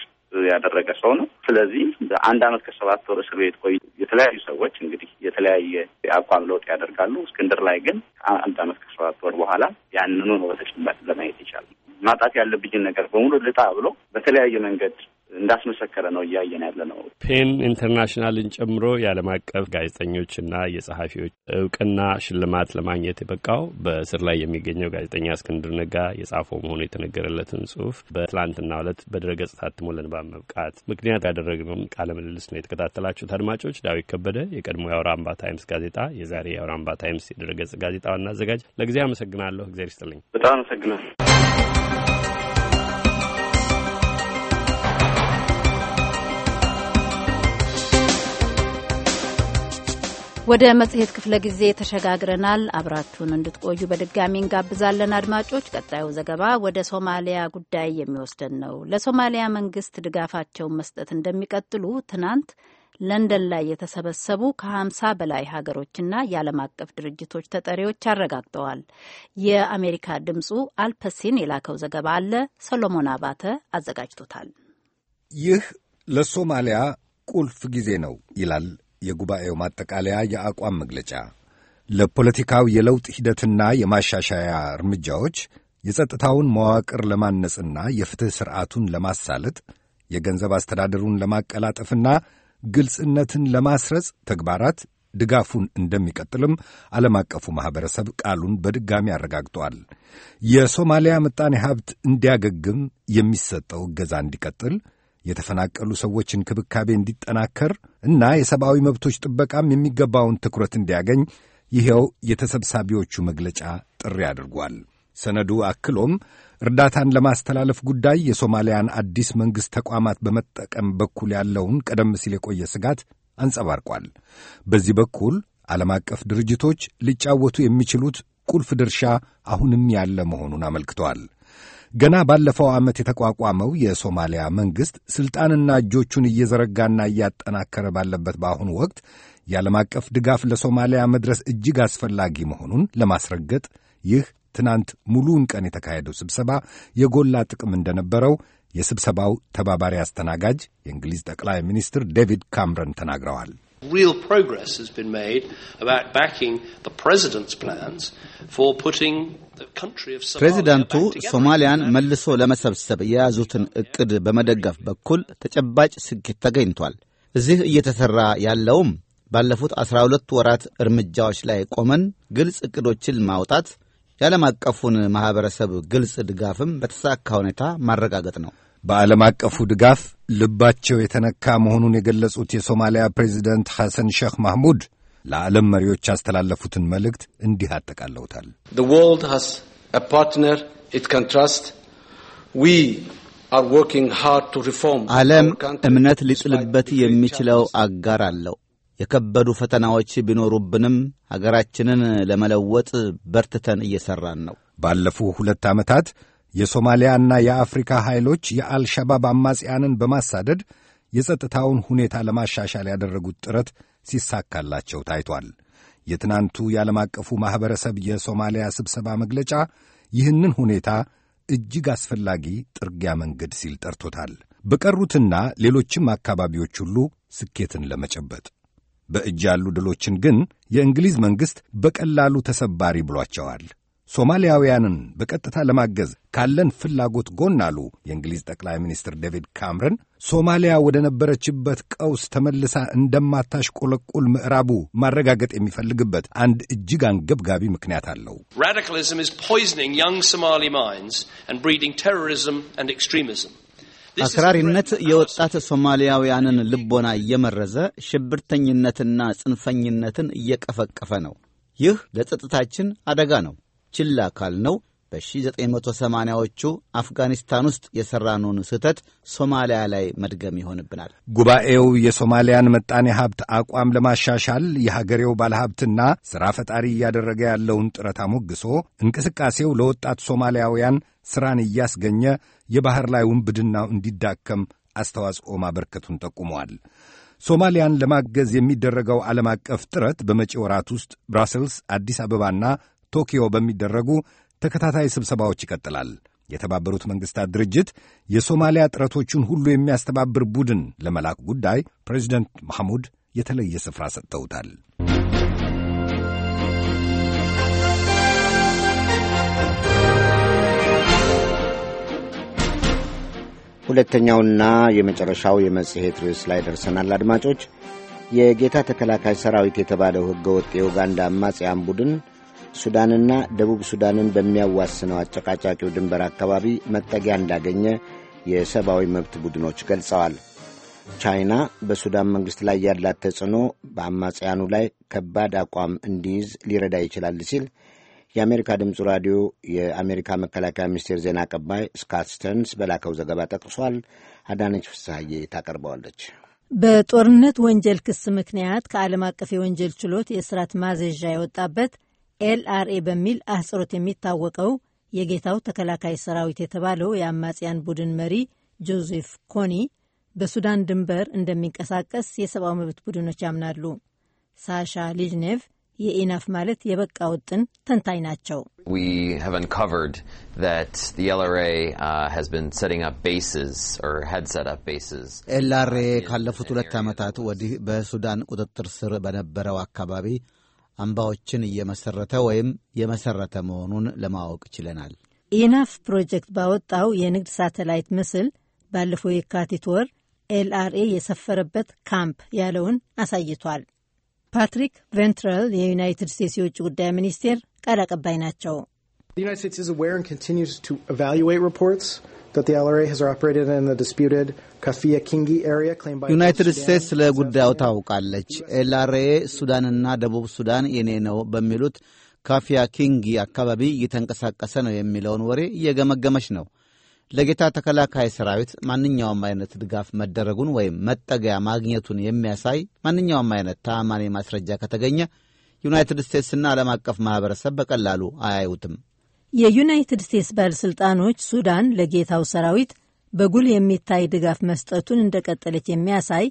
ያደረገ ሰው ነው። ስለዚህ አንድ አመት ከሰባት ወር እስር ቤት ቆይ የተለያዩ ሰዎች እንግዲህ የተለያየ የአቋም ለውጥ ያደርጋሉ። እስክንድር ላይ ግን አንድ አመት ከሰባት ወር በኋላ ያንኑ ነው በተጨባጭ ለማየት ይቻላል። ማጣት ያለብኝን ነገር በሙሉ ልጣ ብሎ በተለያየ መንገድ እንዳስመሰከረ ነው እያየን ያለ ነው። ፔን ኢንተርናሽናልን ጨምሮ የዓለም አቀፍ ጋዜጠኞችና የጸሐፊዎች እውቅና ሽልማት ለማግኘት የበቃው በእስር ላይ የሚገኘው ጋዜጠኛ እስክንድር ነጋ የጻፈው መሆኑ የተነገረለትን ጽሁፍ በትላንትና ዕለት በድረገጽ ታትሞ ለንባብ መብቃት ምክንያት ያደረግነው ቃለ ምልልስ ነው የተከታተላችሁት አድማጮች። ዳዊት ከበደ የቀድሞ የአውራምባ ታይምስ ጋዜጣ የዛሬ የአውራምባ ታይምስ የድረገጽ ጋዜጣ ዋና አዘጋጅ፣ ለጊዜ አመሰግናለሁ። እግዚአብሔር ይስጥልኝ። በጣም አመሰግናለሁ። ወደ መጽሔት ክፍለ ጊዜ ተሸጋግረናል። አብራችሁን እንድትቆዩ በድጋሚ እንጋብዛለን አድማጮች። ቀጣዩ ዘገባ ወደ ሶማሊያ ጉዳይ የሚወስደን ነው። ለሶማሊያ መንግስት ድጋፋቸውን መስጠት እንደሚቀጥሉ ትናንት ለንደን ላይ የተሰበሰቡ ከሀምሳ በላይ ሀገሮችና የዓለም አቀፍ ድርጅቶች ተጠሪዎች አረጋግጠዋል። የአሜሪካ ድምጹ አልፐሲን የላከው ዘገባ አለ። ሰሎሞን አባተ አዘጋጅቶታል። ይህ ለሶማሊያ ቁልፍ ጊዜ ነው ይላል የጉባኤው ማጠቃለያ የአቋም መግለጫ ለፖለቲካው የለውጥ ሂደትና የማሻሻያ እርምጃዎች የጸጥታውን መዋቅር ለማነጽና የፍትሕ ሥርዓቱን ለማሳለጥ የገንዘብ አስተዳደሩን ለማቀላጠፍና ግልጽነትን ለማስረጽ ተግባራት ድጋፉን እንደሚቀጥልም ዓለም አቀፉ ማኅበረሰብ ቃሉን በድጋሚ አረጋግጧል። የሶማሊያ ምጣኔ ሀብት እንዲያገግም የሚሰጠው እገዛ እንዲቀጥል የተፈናቀሉ ሰዎች እንክብካቤ እንዲጠናከር እና የሰብአዊ መብቶች ጥበቃም የሚገባውን ትኩረት እንዲያገኝ ይኸው የተሰብሳቢዎቹ መግለጫ ጥሪ አድርጓል። ሰነዱ አክሎም እርዳታን ለማስተላለፍ ጉዳይ የሶማሊያን አዲስ መንግሥት ተቋማት በመጠቀም በኩል ያለውን ቀደም ሲል የቆየ ስጋት አንጸባርቋል። በዚህ በኩል ዓለም አቀፍ ድርጅቶች ሊጫወቱ የሚችሉት ቁልፍ ድርሻ አሁንም ያለ መሆኑን አመልክተዋል። ገና ባለፈው ዓመት የተቋቋመው የሶማሊያ መንግሥት ሥልጣንና እጆቹን እየዘረጋና እያጠናከረ ባለበት በአሁኑ ወቅት የዓለም አቀፍ ድጋፍ ለሶማሊያ መድረስ እጅግ አስፈላጊ መሆኑን ለማስረገጥ ይህ ትናንት ሙሉውን ቀን የተካሄደው ስብሰባ የጎላ ጥቅም እንደነበረው የስብሰባው ተባባሪ አስተናጋጅ የእንግሊዝ ጠቅላይ ሚኒስትር ዴቪድ ካምረን ተናግረዋል። real progress has been made about backing the president's plans for putting ፕሬዚዳንቱ ሶማሊያን መልሶ ለመሰብሰብ የያዙትን እቅድ በመደገፍ በኩል ተጨባጭ ስኬት ተገኝቷል። እዚህ እየተሰራ ያለውም ባለፉት ዐሥራ ሁለት ወራት እርምጃዎች ላይ ቆመን ግልጽ እቅዶችን ማውጣት፣ የዓለም አቀፉን ማኅበረሰብ ግልጽ ድጋፍም በተሳካ ሁኔታ ማረጋገጥ ነው። በዓለም አቀፉ ድጋፍ ልባቸው የተነካ መሆኑን የገለጹት የሶማሊያ ፕሬዚደንት ሐሰን ሼህ ማህሙድ ለዓለም መሪዎች ያስተላለፉትን መልእክት እንዲህ አጠቃለውታል። ዓለም እምነት ሊጥልበት የሚችለው አጋር አለው። የከበዱ ፈተናዎች ቢኖሩብንም ሀገራችንን ለመለወጥ በርትተን እየሠራን ነው። ባለፉ ሁለት ዓመታት የሶማሊያና የአፍሪካ ኃይሎች የአልሸባብ አማጽያንን በማሳደድ የጸጥታውን ሁኔታ ለማሻሻል ያደረጉት ጥረት ሲሳካላቸው ታይቷል። የትናንቱ የዓለም አቀፉ ማኅበረሰብ የሶማሊያ ስብሰባ መግለጫ ይህንን ሁኔታ እጅግ አስፈላጊ ጥርጊያ መንገድ ሲል ጠርቶታል። በቀሩትና ሌሎችም አካባቢዎች ሁሉ ስኬትን ለመጨበጥ በእጅ ያሉ ድሎችን ግን የእንግሊዝ መንግሥት በቀላሉ ተሰባሪ ብሏቸዋል። ሶማሊያውያንን በቀጥታ ለማገዝ ካለን ፍላጎት ጎን አሉ የእንግሊዝ ጠቅላይ ሚኒስትር ዴቪድ ካምረን ሶማሊያ ወደ ነበረችበት ቀውስ ተመልሳ እንደማታሽቆለቁል ምዕራቡ ማረጋገጥ የሚፈልግበት አንድ እጅግ አንገብጋቢ ምክንያት አለው። አክራሪነት የወጣት ሶማሊያውያንን ልቦና እየመረዘ ሽብርተኝነትና ጽንፈኝነትን እየቀፈቀፈ ነው። ይህ ለጸጥታችን አደጋ ነው። ችላ ካልነው በ1980ዎቹ አፍጋኒስታን ውስጥ የሠራነውን ስህተት ሶማሊያ ላይ መድገም ይሆንብናል። ጉባኤው የሶማሊያን መጣኔ ሀብት አቋም ለማሻሻል የሀገሬው ባለሀብትና ሥራ ፈጣሪ እያደረገ ያለውን ጥረት አሞግሶ እንቅስቃሴው ለወጣት ሶማሊያውያን ሥራን እያስገኘ የባሕር ላይ ውንብድናው እንዲዳከም አስተዋጽኦ ማበርከቱን ጠቁመዋል። ሶማሊያን ለማገዝ የሚደረገው ዓለም አቀፍ ጥረት በመጪ ወራት ውስጥ ብራሰልስ፣ አዲስ አበባና ቶኪዮ በሚደረጉ ተከታታይ ስብሰባዎች ይቀጥላል። የተባበሩት መንግሥታት ድርጅት የሶማሊያ ጥረቶቹን ሁሉ የሚያስተባብር ቡድን ለመላክ ጉዳይ ፕሬዚደንት ማሐሙድ የተለየ ስፍራ ሰጥተውታል። ሁለተኛውና የመጨረሻው የመጽሔት ርዕስ ላይ ደርሰናል አድማጮች። የጌታ ተከላካይ ሰራዊት የተባለው ሕገ ወጥ የኡጋንዳ አማጽያን ቡድን ሱዳንና ደቡብ ሱዳንን በሚያዋስነው አጨቃጫቂው ድንበር አካባቢ መጠጊያ እንዳገኘ የሰብአዊ መብት ቡድኖች ገልጸዋል። ቻይና በሱዳን መንግሥት ላይ ያላት ተጽዕኖ በአማጽያኑ ላይ ከባድ አቋም እንዲይዝ ሊረዳ ይችላል ሲል የአሜሪካ ድምፅ ራዲዮ የአሜሪካ መከላከያ ሚኒስቴር ዜና አቀባይ ስካት ስተርንስ በላከው ዘገባ ጠቅሷል። አዳነች ፍሳሐዬ ታቀርበዋለች። በጦርነት ወንጀል ክስ ምክንያት ከዓለም አቀፍ የወንጀል ችሎት የእስራት ማዘዣ የወጣበት ኤልአርኤ በሚል አህጽሮት የሚታወቀው የጌታው ተከላካይ ሰራዊት የተባለው የአማጽያን ቡድን መሪ ጆዜፍ ኮኒ በሱዳን ድንበር እንደሚንቀሳቀስ የሰብአዊ መብት ቡድኖች ያምናሉ። ሳሻ ሊጅኔቭ የኢናፍ ማለት የበቃ ውጥን ተንታኝ ናቸው። ኤልአርኤ uh, ካለፉት ሁለት ዓመታት ወዲህ በሱዳን ቁጥጥር ስር በነበረው አካባቢ አምባዎችን እየመሰረተ ወይም የመሰረተ መሆኑን ለማወቅ ችለናል። ኢናፍ ፕሮጀክት ባወጣው የንግድ ሳተላይት ምስል ባለፈው የካቲት ወር ኤልአርኤ የሰፈረበት ካምፕ ያለውን አሳይቷል። ፓትሪክ ቬንትረል የዩናይትድ ስቴትስ የውጭ ጉዳይ ሚኒስቴር ቃል አቀባይ ናቸው። ዩናይትድ ስቴትስ ስለ ጉዳዩ ታውቃለች። ኤልአርኤ ሱዳንና ደቡብ ሱዳን የኔ ነው በሚሉት ካፊያ ኪንጊ አካባቢ እየተንቀሳቀሰ ነው የሚለውን ወሬ እየገመገመች ነው። ለጌታ ተከላካይ ሰራዊት ማንኛውም አይነት ድጋፍ መደረጉን ወይም መጠገያ ማግኘቱን የሚያሳይ ማንኛውም አይነት ተአማኒ ማስረጃ ከተገኘ ዩናይትድ ስቴትስና ዓለም አቀፍ ማኅበረሰብ በቀላሉ አያዩትም። የዩናይትድ ስቴትስ ባለሥልጣኖች ሱዳን ለጌታው ሰራዊት በጉል የሚታይ ድጋፍ መስጠቱን እንደቀጠለች የሚያሳይ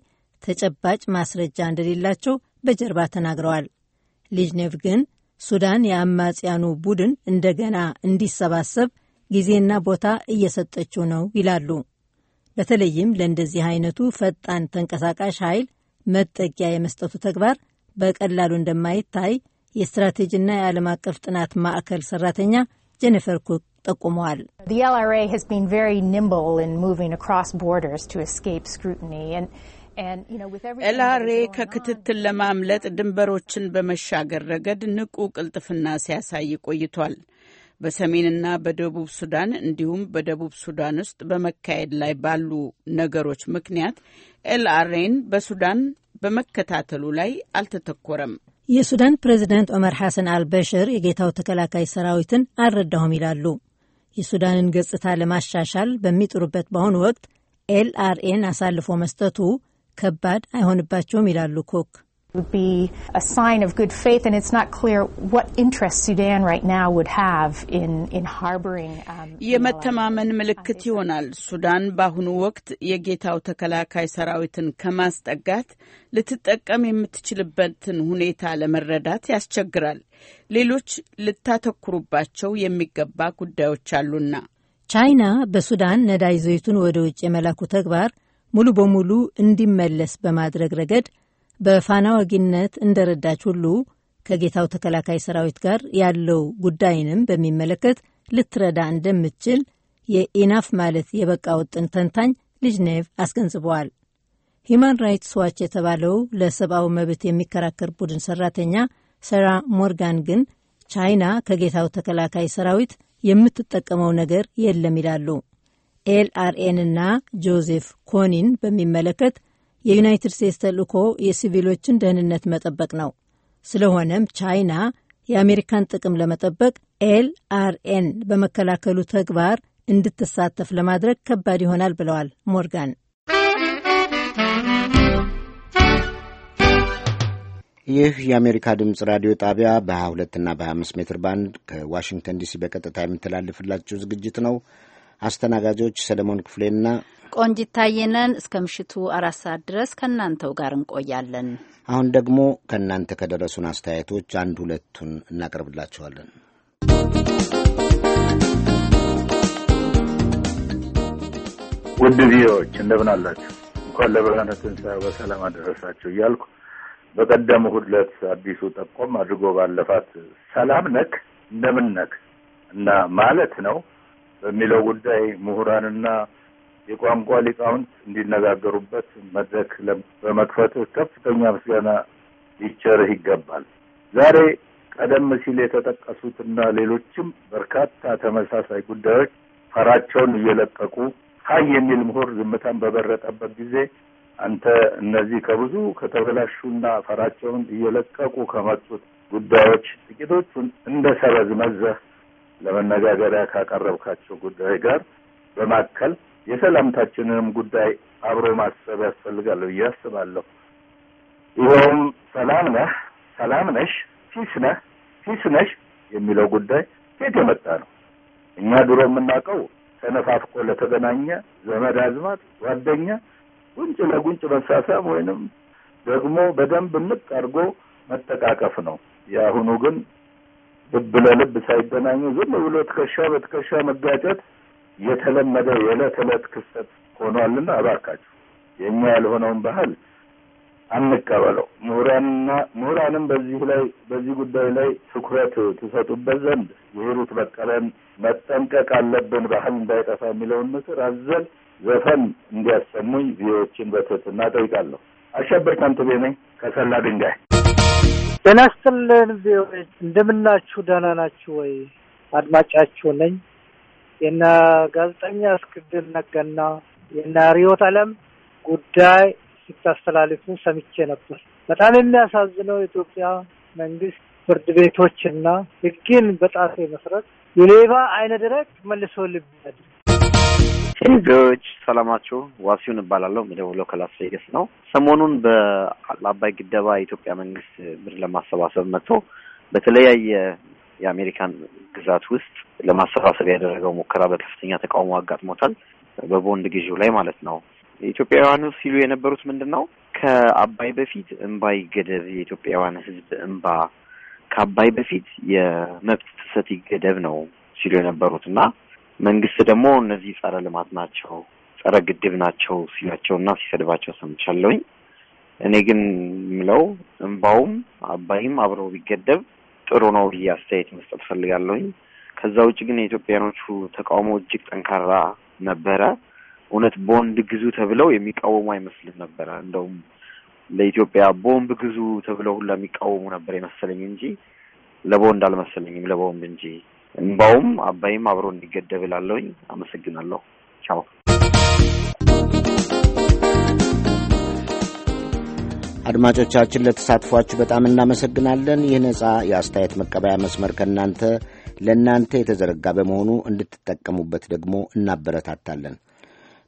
ተጨባጭ ማስረጃ እንደሌላቸው በጀርባ ተናግረዋል። ሊጅኔቭ ግን ሱዳን የአማጽያኑ ቡድን እንደገና እንዲሰባሰብ ጊዜና ቦታ እየሰጠችው ነው ይላሉ። በተለይም ለእንደዚህ አይነቱ ፈጣን ተንቀሳቃሽ ኃይል መጠጊያ የመስጠቱ ተግባር በቀላሉ እንደማይታይ የስትራቴጂና የዓለም አቀፍ ጥናት ማዕከል ሰራተኛ ጀኒፈር ኩክ ጠቁመዋል። ኤልአርኤ ከክትትል ለማምለጥ ድንበሮችን በመሻገር ረገድ ንቁ ቅልጥፍና ሲያሳይ ቆይቷል። በሰሜንና በደቡብ ሱዳን እንዲሁም በደቡብ ሱዳን ውስጥ በመካሄድ ላይ ባሉ ነገሮች ምክንያት ኤልአርኤን በሱዳን በመከታተሉ ላይ አልተተኮረም። የሱዳን ፕሬዚዳንት ዑመር ሐሰን አልበሽር የጌታው ተከላካይ ሰራዊትን አልረዳሁም ይላሉ። የሱዳንን ገጽታ ለማሻሻል በሚጥሩበት በአሁኑ ወቅት ኤልአርኤን አሳልፎ መስጠቱ ከባድ አይሆንባቸውም ይላሉ ኮክ። would be a sign of good faith, and it's not clear what interest Sudan right now would have in, in harboring. Um, የመተማመን ምልክት ይሆናል። ሱዳን በአሁኑ ወቅት የጌታው ተከላካይ ሰራዊትን ከማስጠጋት ልትጠቀም የምትችልበትን ሁኔታ ለመረዳት ያስቸግራል። ሌሎች ልታተኩሩባቸው የሚገባ ጉዳዮች አሉና ቻይና በሱዳን ነዳጅ ዘይቱን ወደ ውጭ የመላኩ ተግባር ሙሉ በሙሉ እንዲመለስ በማድረግ ረገድ በፋና ወጊነት እንደረዳች ሁሉ ከጌታው ተከላካይ ሰራዊት ጋር ያለው ጉዳይንም በሚመለከት ልትረዳ እንደምትችል የኢናፍ ማለት የበቃ ውጥን ተንታኝ ልጅኔቭ አስገንዝበዋል። ሂማን ራይትስ ዋች የተባለው ለሰብአዊ መብት የሚከራከር ቡድን ሰራተኛ ሰራ ሞርጋን ግን ቻይና ከጌታው ተከላካይ ሰራዊት የምትጠቀመው ነገር የለም ይላሉ። ኤልአርኤንና ጆዜፍ ኮኒን በሚመለከት የዩናይትድ ስቴትስ ተልእኮ የሲቪሎችን ደህንነት መጠበቅ ነው። ስለሆነም ቻይና የአሜሪካን ጥቅም ለመጠበቅ ኤልአርኤን በመከላከሉ ተግባር እንድትሳተፍ ለማድረግ ከባድ ይሆናል ብለዋል ሞርጋን። ይህ የአሜሪካ ድምፅ ራዲዮ ጣቢያ በ22 እና በ25 ሜትር ባንድ ከዋሽንግተን ዲሲ በቀጥታ የሚተላለፍላችሁ ዝግጅት ነው። አስተናጋጆች ሰለሞን ክፍሌና ቆንጂት ታየነን እስከ ምሽቱ አራት ሰዓት ድረስ ከእናንተው ጋር እንቆያለን። አሁን ደግሞ ከእናንተ ከደረሱን አስተያየቶች አንድ ሁለቱን እናቀርብላችኋለን። ውድ ቪዎች እንደምን አላችሁ? እንኳን ለብርሃነ ትንሣኤው በሰላም አደረሳችሁ እያልኩ በቀደም እሑድ ዕለት አዲሱ ጠቆም አድርጎ ባለፋት ሰላም ነክ እንደምን ነክ እና ማለት ነው በሚለው ጉዳይ ምሁራንና የቋንቋ ሊቃውንት እንዲነጋገሩበት መድረክ በመክፈት ከፍተኛ ምስጋና ሊቸርህ ይገባል። ዛሬ ቀደም ሲል የተጠቀሱትና ሌሎችም በርካታ ተመሳሳይ ጉዳዮች ፈራቸውን እየለቀቁ ሀይ የሚል ምሁር ዝምታን በበረጠበት ጊዜ አንተ እነዚህ ከብዙ ከተበላሹና ፈራቸውን እየለቀቁ ከመጡት ጉዳዮች ጥቂቶቹን እንደ ሰበዝ መዘህ ለመነጋገሪያ ካቀረብካቸው ጉዳይ ጋር በማከል የሰላምታችንንም ጉዳይ አብሮ ማሰብ ያስፈልጋል ብዬ አስባለሁ። ይኸውም ሰላም ነህ፣ ሰላም ነሽ፣ ፊስ ነህ፣ ፊስ ነሽ የሚለው ጉዳይ ኬት የመጣ ነው? እኛ ድሮ የምናውቀው ተነፋፍቆ ለተገናኘ ዘመድ አዝማት ጓደኛ ጉንጭ ለጉንጭ መሳሳም ወይንም ደግሞ በደንብ እንቅ አድርጎ መጠቃቀፍ ነው። የአሁኑ ግን ልብ ለልብ ሳይገናኙ ዝም ብሎ ትከሻ በትከሻ መጋጨት የተለመደ የዕለት ዕለት ክስተት ሆኗልና እባካችሁ የእኛ ያልሆነውን ባህል አንቀበለው። ምሁራንና ምሁራንም በዚህ ላይ በዚህ ጉዳይ ላይ ትኩረት ትሰጡበት ዘንድ የሂሩት በቀለን መጠንቀቅ አለብን ባህል እንዳይጠፋ የሚለውን ምክር አዘል ዘፈን እንዲያሰሙኝ ቪዎችን በትህትና ጠይቃለሁ። አሸበር ከንትቤ ነኝ ከሰላ ድንጋይ ጤና ይስጥልን። ቢዎች እንደምናችሁ ደህና ናችሁ ወይ? አድማጫችሁ ነኝ። የነ ጋዜጠኛ እስክንድር ነጋና የነ ሪዮት አለም ጉዳይ ሲታስተላልፉ ሰምቼ ነበር። በጣም የሚያሳዝነው የኢትዮጵያ መንግስት ፍርድ ቤቶችና ህግን በጣሴ መሰረት የሌባ አይነ ደረቅ መልሶ ልብ ያድርግ ቪዎች ሰላማችሁ ዋሲሁን እባላለሁ። የምደውለው ከላስ ቬጋስ ነው። ሰሞኑን በአባይ ግደባ የኢትዮጵያ መንግስት ብር ለማሰባሰብ መጥቶ በተለያየ የአሜሪካን ግዛት ውስጥ ለማሰባሰብ ያደረገው ሙከራ በከፍተኛ ተቃውሞ አጋጥሞታል። በቦንድ ግዢው ላይ ማለት ነው። ኢትዮጵያውያኑ ሲሉ የነበሩት ምንድን ነው? ከአባይ በፊት እምባ ይገደብ፣ የኢትዮጵያውያን ህዝብ እምባ፣ ከአባይ በፊት የመብት ጥሰት ይገደብ ነው ሲሉ የነበሩት እና መንግስት ደግሞ እነዚህ ጸረ ልማት ናቸው፣ ጸረ ግድብ ናቸው ሲላቸውና ሲሰድባቸው ሰምቻለሁኝ። እኔ ግን ምለው እንባውም አባይም አብሮ ቢገደብ ጥሩ ነው ብዬ አስተያየት መስጠት ፈልጋለሁኝ። ከዛ ውጭ ግን የኢትዮጵያኖቹ ተቃውሞ እጅግ ጠንካራ ነበረ። እውነት ቦንድ ግዙ ተብለው የሚቃወሙ አይመስልም ነበረ። እንደውም ለኢትዮጵያ ቦምብ ግዙ ተብለው ሁላ የሚቃወሙ ነበር የመሰለኝ እንጂ ለቦንድ አልመሰለኝም፣ ለቦምብ እንጂ እንባውም አባይም አብሮ እንዲገደብ እላለሁኝ። አመሰግናለሁ። ቻው። አድማጮቻችን ለተሳትፏችሁ በጣም እናመሰግናለን። ይህ ነጻ የአስተያየት መቀበያ መስመር ከእናንተ ለእናንተ የተዘረጋ በመሆኑ እንድትጠቀሙበት ደግሞ እናበረታታለን።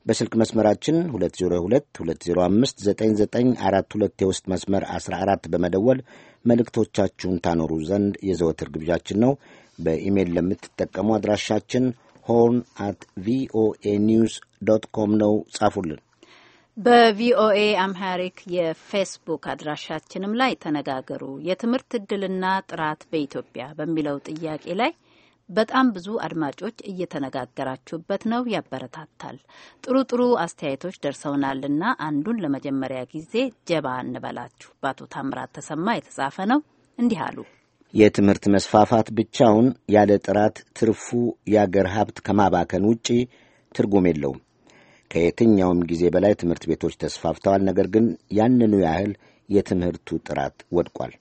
በስልክ መስመራችን 2022059942 የውስጥ መስመር 14 በመደወል መልእክቶቻችሁን ታኖሩ ዘንድ የዘወትር ግብዣችን ነው። በኢሜይል ለምትጠቀሙ አድራሻችን ሆርን አት ቪኦኤ ኒውስ ዶት ኮም ነው ጻፉልን። በቪኦኤ አምሃሪክ የፌስቡክ አድራሻችንም ላይ ተነጋገሩ። የትምህርት እድልና ጥራት በኢትዮጵያ በሚለው ጥያቄ ላይ በጣም ብዙ አድማጮች እየተነጋገራችሁበት ነው። ያበረታታል። ጥሩ ጥሩ አስተያየቶች ደርሰውናልና አንዱን ለመጀመሪያ ጊዜ ጀባ እንበላችሁ በአቶ ታምራት ተሰማ የተጻፈ ነው። እንዲህ አሉ። የትምህርት መስፋፋት ብቻውን ያለ ጥራት ትርፉ የአገር ሀብት ከማባከን ውጪ ትርጉም የለውም። ከየትኛውም ጊዜ በላይ ትምህርት ቤቶች ተስፋፍተዋል። ነገር ግን ያንኑ ያህል የትምህርቱ ጥራት ወድቋል።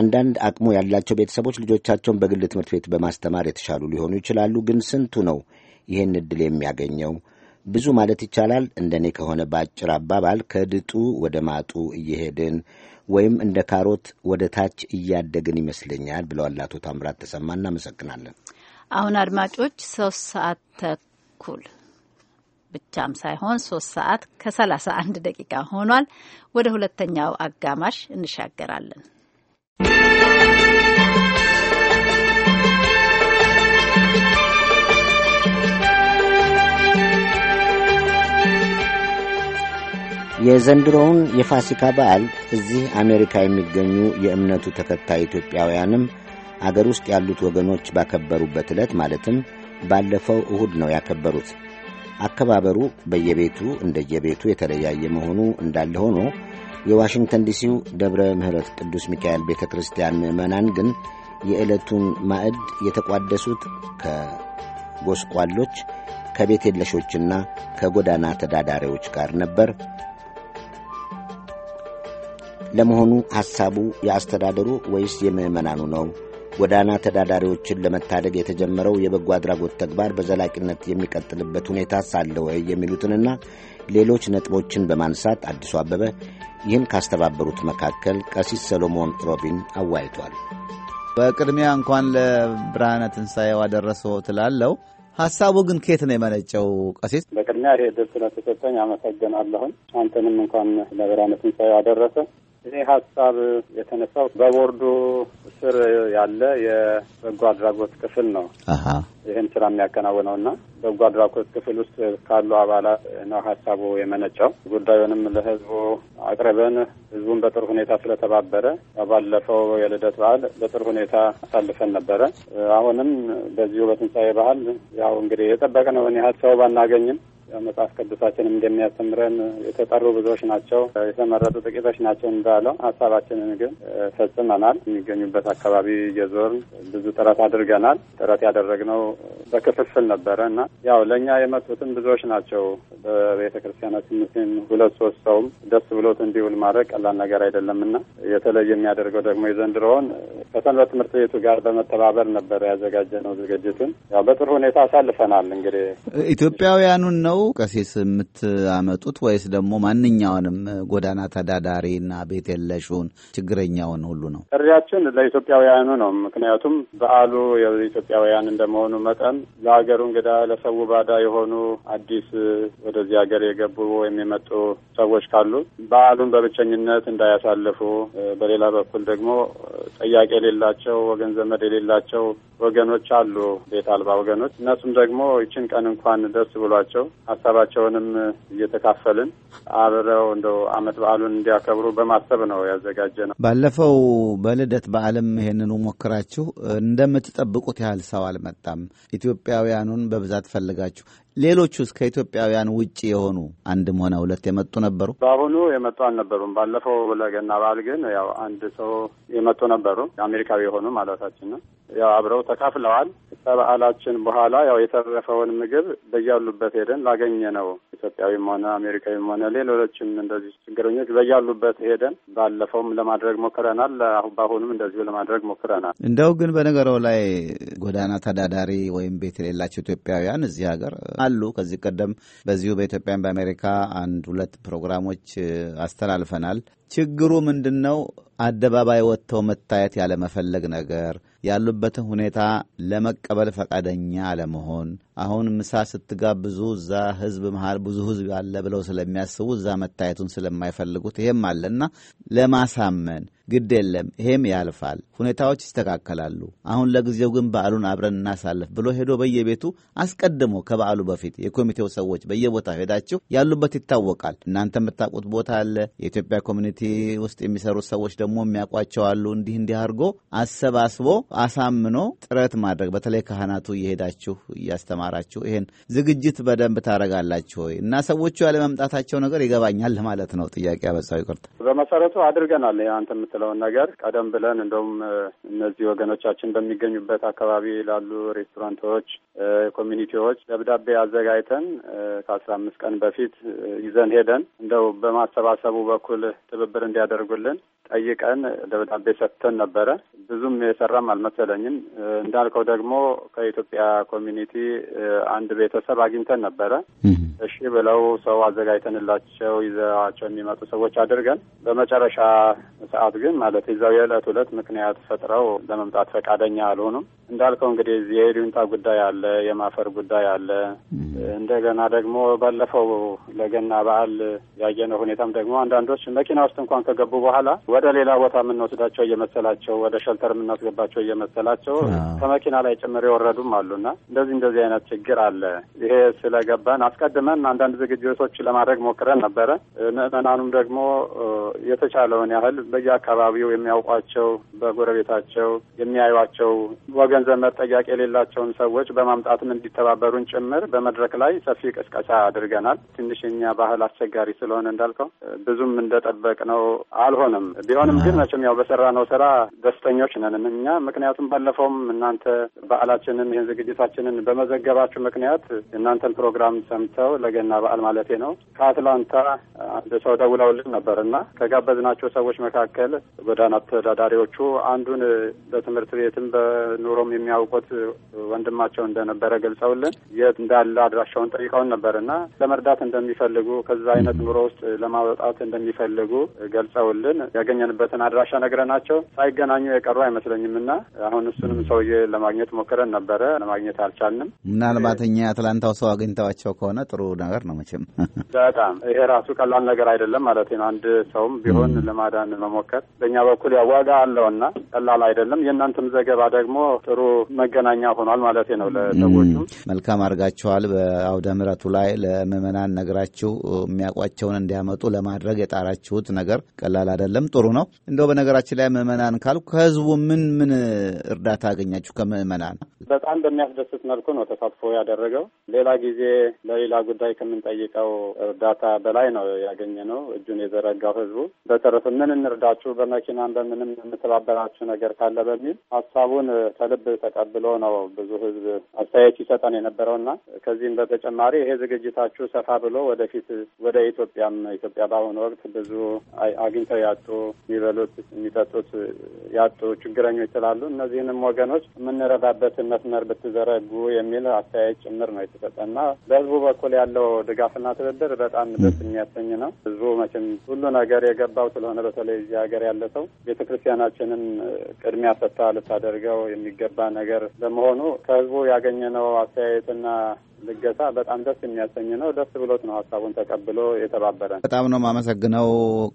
አንዳንድ አቅሙ ያላቸው ቤተሰቦች ልጆቻቸውን በግል ትምህርት ቤት በማስተማር የተሻሉ ሊሆኑ ይችላሉ። ግን ስንቱ ነው ይህን ዕድል የሚያገኘው? ብዙ ማለት ይቻላል። እንደኔ ከሆነ በአጭር አባባል ከድጡ ወደ ማጡ እየሄድን ወይም እንደ ካሮት ወደ ታች እያደግን ይመስለኛል ብለዋል አቶ ታምራት ተሰማ። እናመሰግናለን። አሁን አድማጮች ሶስት ሰዓት ተኩል ብቻም ሳይሆን ሶስት ሰዓት ከሰላሳ አንድ ደቂቃ ሆኗል። ወደ ሁለተኛው አጋማሽ እንሻገራለን። የዘንድሮውን የፋሲካ በዓል እዚህ አሜሪካ የሚገኙ የእምነቱ ተከታይ ኢትዮጵያውያንም አገር ውስጥ ያሉት ወገኖች ባከበሩበት ዕለት ማለትም ባለፈው እሁድ ነው ያከበሩት። አከባበሩ በየቤቱ እንደየቤቱ የተለያየ መሆኑ እንዳለ ሆኖ የዋሽንግተን ዲሲው ደብረ ምሕረት ቅዱስ ሚካኤል ቤተ ክርስቲያን ምዕመናን ግን የዕለቱን ማዕድ የተቋደሱት ከጎስቋሎች ከቤት የለሾችና ከጎዳና ተዳዳሪዎች ጋር ነበር። ለመሆኑ ሐሳቡ የአስተዳደሩ ወይስ የምዕመናኑ ነው? ጎዳና ተዳዳሪዎችን ለመታደግ የተጀመረው የበጎ አድራጎት ተግባር በዘላቂነት የሚቀጥልበት ሁኔታ ሳለ ወይ የሚሉትንና ሌሎች ነጥቦችን በማንሳት አዲሱ አበበ ይህን ካስተባበሩት መካከል ቀሲስ ሰሎሞን ሮቢን አዋይቷል። በቅድሚያ እንኳን ለብርሃነ ትንሣኤው አደረሰው ትላለው። ሀሳቡ ግን ከየት ነው የመነጨው? ቀሲስ በቅድሚያ ይሄ ስለተሰጠኝ አመሰግናለሁኝ። አንተንም እንኳን ለብርሃነ ትንሣኤው አደረሰ። ይሄ ሀሳብ የተነሳው በቦርዱ ስር ያለ የበጎ አድራጎት ክፍል ነው ይህን ስራ የሚያከናውነው እና በጎ አድራጎት ክፍል ውስጥ ካሉ አባላት ነው ሀሳቡ የመነጨው። ጉዳዩንም ለህዝቡ አቅርበን ህዝቡን በጥሩ ሁኔታ ስለተባበረ ባለፈው የልደት በዓል በጥሩ ሁኔታ አሳልፈን ነበረ። አሁንም በዚሁ በትንሣኤ ባህል ያው እንግዲህ የጠበቅነውን ያህል ሰው ባናገኝም መጽሐፍ ቅዱሳችን እንደሚያስተምረን የተጠሩ ብዙዎች ናቸው፣ የተመረጡ ጥቂቶች ናቸው እንዳለው ሀሳባችንን ግን ፈጽመናል። የሚገኙበት አካባቢ የዞርን ብዙ ጥረት አድርገናል። ጥረት ያደረግነው በክፍፍል ነበረ እና ያው ለእኛ የመጡትን ብዙዎች ናቸው። በቤተ ክርስቲያናችን ሙስሊም ሁለት ሶስት ሰውም ደስ ብሎት እንዲውል ማድረግ ቀላል ነገር አይደለም እና የተለየ የሚያደርገው ደግሞ የዘንድሮውን ከሰንበት ትምህርት ቤቱ ጋር በመተባበር ነበረ ያዘጋጀነው ዝግጅቱን። ያው በጥሩ ሁኔታ አሳልፈናል። እንግዲህ ኢትዮጵያውያኑን ነው ነው ቀሲስ የምታመጡት ወይስ ደግሞ ማንኛውንም ጎዳና ተዳዳሪና ቤት የለሹን ችግረኛውን ሁሉ ነው? ጥሪያችን ለኢትዮጵያውያኑ ነው። ምክንያቱም በዓሉ የኢትዮጵያውያን እንደመሆኑ መጠን ለሀገሩ እንግዳ፣ ለሰው ባዳ የሆኑ አዲስ ወደዚህ ሀገር የገቡ ወይም የመጡ ሰዎች ካሉ በዓሉን በብቸኝነት እንዳያሳልፉ፣ በሌላ በኩል ደግሞ ጥያቄ የሌላቸው ወገን ዘመድ የሌላቸው ወገኖች አሉ፣ ቤት አልባ ወገኖች። እነሱም ደግሞ ይችን ቀን እንኳን ደስ ብሏቸው ሀሳባቸውንም እየተካፈልን አብረው እንደው አመት በዓሉን እንዲያከብሩ በማሰብ ነው ያዘጋጀ ነው። ባለፈው በልደት በዓልም ይሄንኑ ሞክራችሁ እንደምትጠብቁት ያህል ሰው አልመጣም። ኢትዮጵያውያኑን በብዛት ፈልጋችሁ ሌሎቹስ ከኢትዮጵያውያን ውጭ የሆኑ አንድም ሆነ ሁለት የመጡ ነበሩ? በአሁኑ የመጡ አልነበሩም። ባለፈው ለገና በዓል ግን ያው አንድ ሰው የመጡ ነበሩ፣ አሜሪካዊ የሆኑ ማለታችን ነው። ያው አብረው ተካፍለዋል። ከበዓላችን በኋላ ያው የተረፈውን ምግብ በያሉበት ሄደን ላገኘ ነው ኢትዮጵያዊም ሆነ አሜሪካዊም ሆነ ሌሎችም እንደዚህ ችግረኞች በያሉበት ሄደን ባለፈውም ለማድረግ ሞክረናል። በአሁኑም እንደዚሁ ለማድረግ ሞክረናል። እንደው ግን በነገረው ላይ ጎዳና ተዳዳሪ ወይም ቤት የሌላቸው ኢትዮጵያውያን እዚህ ሀገር አሉ። ከዚህ ቀደም በዚሁ በኢትዮጵያን በአሜሪካ አንድ ሁለት ፕሮግራሞች አስተላልፈናል። ችግሩ ምንድን ነው? አደባባይ ወጥተው መታየት ያለመፈለግ ነገር፣ ያሉበትን ሁኔታ ለመቀበል ፈቃደኛ አለመሆን። አሁን ምሳ ስትጋብዙ እዛ ህዝብ መሃል ብዙ ህዝብ ያለ ብለው ስለሚያስቡ እዛ መታየቱን ስለማይፈልጉት ይሄም አለና ለማሳመን ግድ የለም ይሄም ያልፋል፣ ሁኔታዎች ይስተካከላሉ። አሁን ለጊዜው ግን በዓሉን አብረን እናሳልፍ ብሎ ሄዶ በየቤቱ አስቀድሞ ከበዓሉ በፊት የኮሚቴው ሰዎች በየቦታ ሄዳችሁ ያሉበት ይታወቃል። እናንተ የምታውቁት ቦታ አለ የኢትዮጵያ ኮሚኒቲ ኮሚኒቲ ውስጥ የሚሰሩት ሰዎች ደግሞ የሚያውቋቸው አሉ። እንዲህ እንዲህ አድርጎ አሰባስቦ አሳምኖ ጥረት ማድረግ በተለይ ካህናቱ እየሄዳችሁ እያስተማራችሁ ይሄን ዝግጅት በደንብ ታደርጋላችሁ ወይ? እና ሰዎቹ ያለመምጣታቸው ነገር ይገባኛል ማለት ነው። ጥያቄ አበዛው ይቅርታ። በመሰረቱ አድርገናል። አንተ የምትለውን ነገር ቀደም ብለን እንደውም እነዚህ ወገኖቻችን በሚገኙበት አካባቢ ላሉ ሬስቶራንቶች፣ ኮሚኒቲዎች ደብዳቤ አዘጋጅተን ከአስራ አምስት ቀን በፊት ይዘን ሄደን እንደው በማሰባሰቡ በኩል ትብብር እንዲያደርጉልን ጠይቀን ደብዳቤ ሰጥተን ነበረ። ብዙም የሰራም አልመሰለኝም። እንዳልከው ደግሞ ከኢትዮጵያ ኮሚኒቲ አንድ ቤተሰብ አግኝተን ነበረ። እሺ ብለው ሰው አዘጋጅተንላቸው ይዘዋቸው የሚመጡ ሰዎች አድርገን በመጨረሻ ሰዓት ግን ማለት የዛው የዕለት ሁለት ምክንያት ፈጥረው ለመምጣት ፈቃደኛ አልሆኑም። እንዳልከው እንግዲህ የይሉኝታ ጉዳይ አለ፣ የማፈር ጉዳይ አለ። እንደገና ደግሞ ባለፈው ለገና በዓል ያየነው ሁኔታም ደግሞ አንዳንዶች መኪና ውስጥ እንኳን ከገቡ በኋላ ወደ ሌላ ቦታ የምንወስዳቸው እየመሰላቸው ወደ ሸልተር የምናስገባቸው እየመሰላቸው ከመኪና ላይ ጭምር የወረዱም አሉና እንደዚህ እንደዚህ አይነት ችግር አለ። ይሄ ስለገባን አስቀድመን አንዳንድ ዝግጅቶች ለማድረግ ሞክረን ነበረ። ምዕመናኑም ደግሞ የተቻለውን ያህል በየአካባቢው የሚያውቋቸው በጎረቤታቸው የሚያዩቸው ወገን ዘመድ ጠያቂ የሌላቸውን ሰዎች በማምጣትም እንዲተባበሩን ጭምር በመድረክ ላይ ሰፊ ቅስቀሳ አድርገናል። ትንሽ የኛ ባህል አስቸጋሪ ስለሆነ እንዳልከው ብዙም እንደጠበቅ ነው አልሆነም። ቢሆንም ግን መቼም ያው ነው ስራ ደስተኞች ነን እኛ። ምክንያቱም ባለፈውም እናንተ በዓላችንን ይህን ዝግጅታችንን በመዘገባችሁ ምክንያት እናንተን ፕሮግራም ሰምተው ለገና በዓል ማለቴ ነው ከአትላንታ አንድ ሰው ደውለውልን ነበር እና ከጋበዝናቸው ሰዎች መካከል ጎዳና ተዳዳሪዎቹ አንዱን በትምህርት ቤትም በኑሮም የሚያውቁት ወንድማቸው እንደነበረ ገልጸውልን የት እንዳለ አድራሻውን ጠይቀውን ነበር እና ለመርዳት እንደሚፈልጉ ከዛ አይነት ኑሮ ውስጥ ለማውጣት እንደሚፈልጉ ገልጸውልን የተገኘንበትን አድራሻ ነግረናቸው ሳይገናኙ የቀሩ አይመስለኝም እና አሁን እሱንም ሰውዬ ለማግኘት ሞክረን ነበረ፣ ለማግኘት አልቻልንም። ምናልባት እኛ የአትላንታው ሰው አግኝተዋቸው ከሆነ ጥሩ ነገር ነው። መቼም በጣም ይሄ ራሱ ቀላል ነገር አይደለም ማለት ነው። አንድ ሰውም ቢሆን ለማዳን መሞከር በእኛ በኩል ያው ዋጋ አለውና ቀላል አይደለም። የእናንተም ዘገባ ደግሞ ጥሩ መገናኛ ሆኗል ማለት ነው። ለሰዎቹም መልካም አድርጋችኋል። በአውደ ምረቱ ላይ ለምዕመናን ነግራችሁ የሚያውቋቸውን እንዲያመጡ ለማድረግ የጣራችሁት ነገር ቀላል አይደለም። ጥሩ ጥሩ ነው። እንደው በነገራችን ላይ ምዕመናን ካሉ ከህዝቡ ምን ምን እርዳታ አገኛችሁ? ከምዕመናን በጣም በሚያስደስት መልኩ ነው ተሳትፎ ያደረገው። ሌላ ጊዜ ለሌላ ጉዳይ ከምንጠይቀው እርዳታ በላይ ነው ያገኘ ነው እጁን የዘረጋው ህዝቡ። በተረፈ ምን እንርዳችሁ በመኪናም በምንም የምትባበራችሁ ነገር ካለ በሚል ሀሳቡን ከልብ ተቀብሎ ነው ብዙ ህዝብ አስተያየት ይሰጠን የነበረውና ከዚህም በተጨማሪ ይሄ ዝግጅታችሁ ሰፋ ብሎ ወደፊት ወደ ኢትዮጵያም ኢትዮጵያ በአሁኑ ወቅት ብዙ አግኝተው ያጡ የሚበሉት የሚጠጡት ያጡ ችግረኞች ስላሉ እነዚህንም ወገኖች የምንረዳበትን መስመር ብትዘረጉ የሚል አስተያየት ጭምር ነው የተሰጠና በህዝቡ በኩል ያለው ድጋፍና ትብብር በጣም ደስ የሚያሰኝ ነው። ህዝቡ መቼም ሁሉ ነገር የገባው ስለሆነ በተለይ እዚህ ሀገር ያለ ሰው ቤተ ክርስቲያናችንን ቅድሚያ ሰጥታ ልታደርገው የሚገባ ነገር በመሆኑ ከህዝቡ ያገኘነው አስተያየትና ልገሳ በጣም ደስ የሚያሰኝ ነው። ደስ ብሎት ነው ሀሳቡን ተቀብሎ የተባበረ። በጣም ነው የማመሰግነው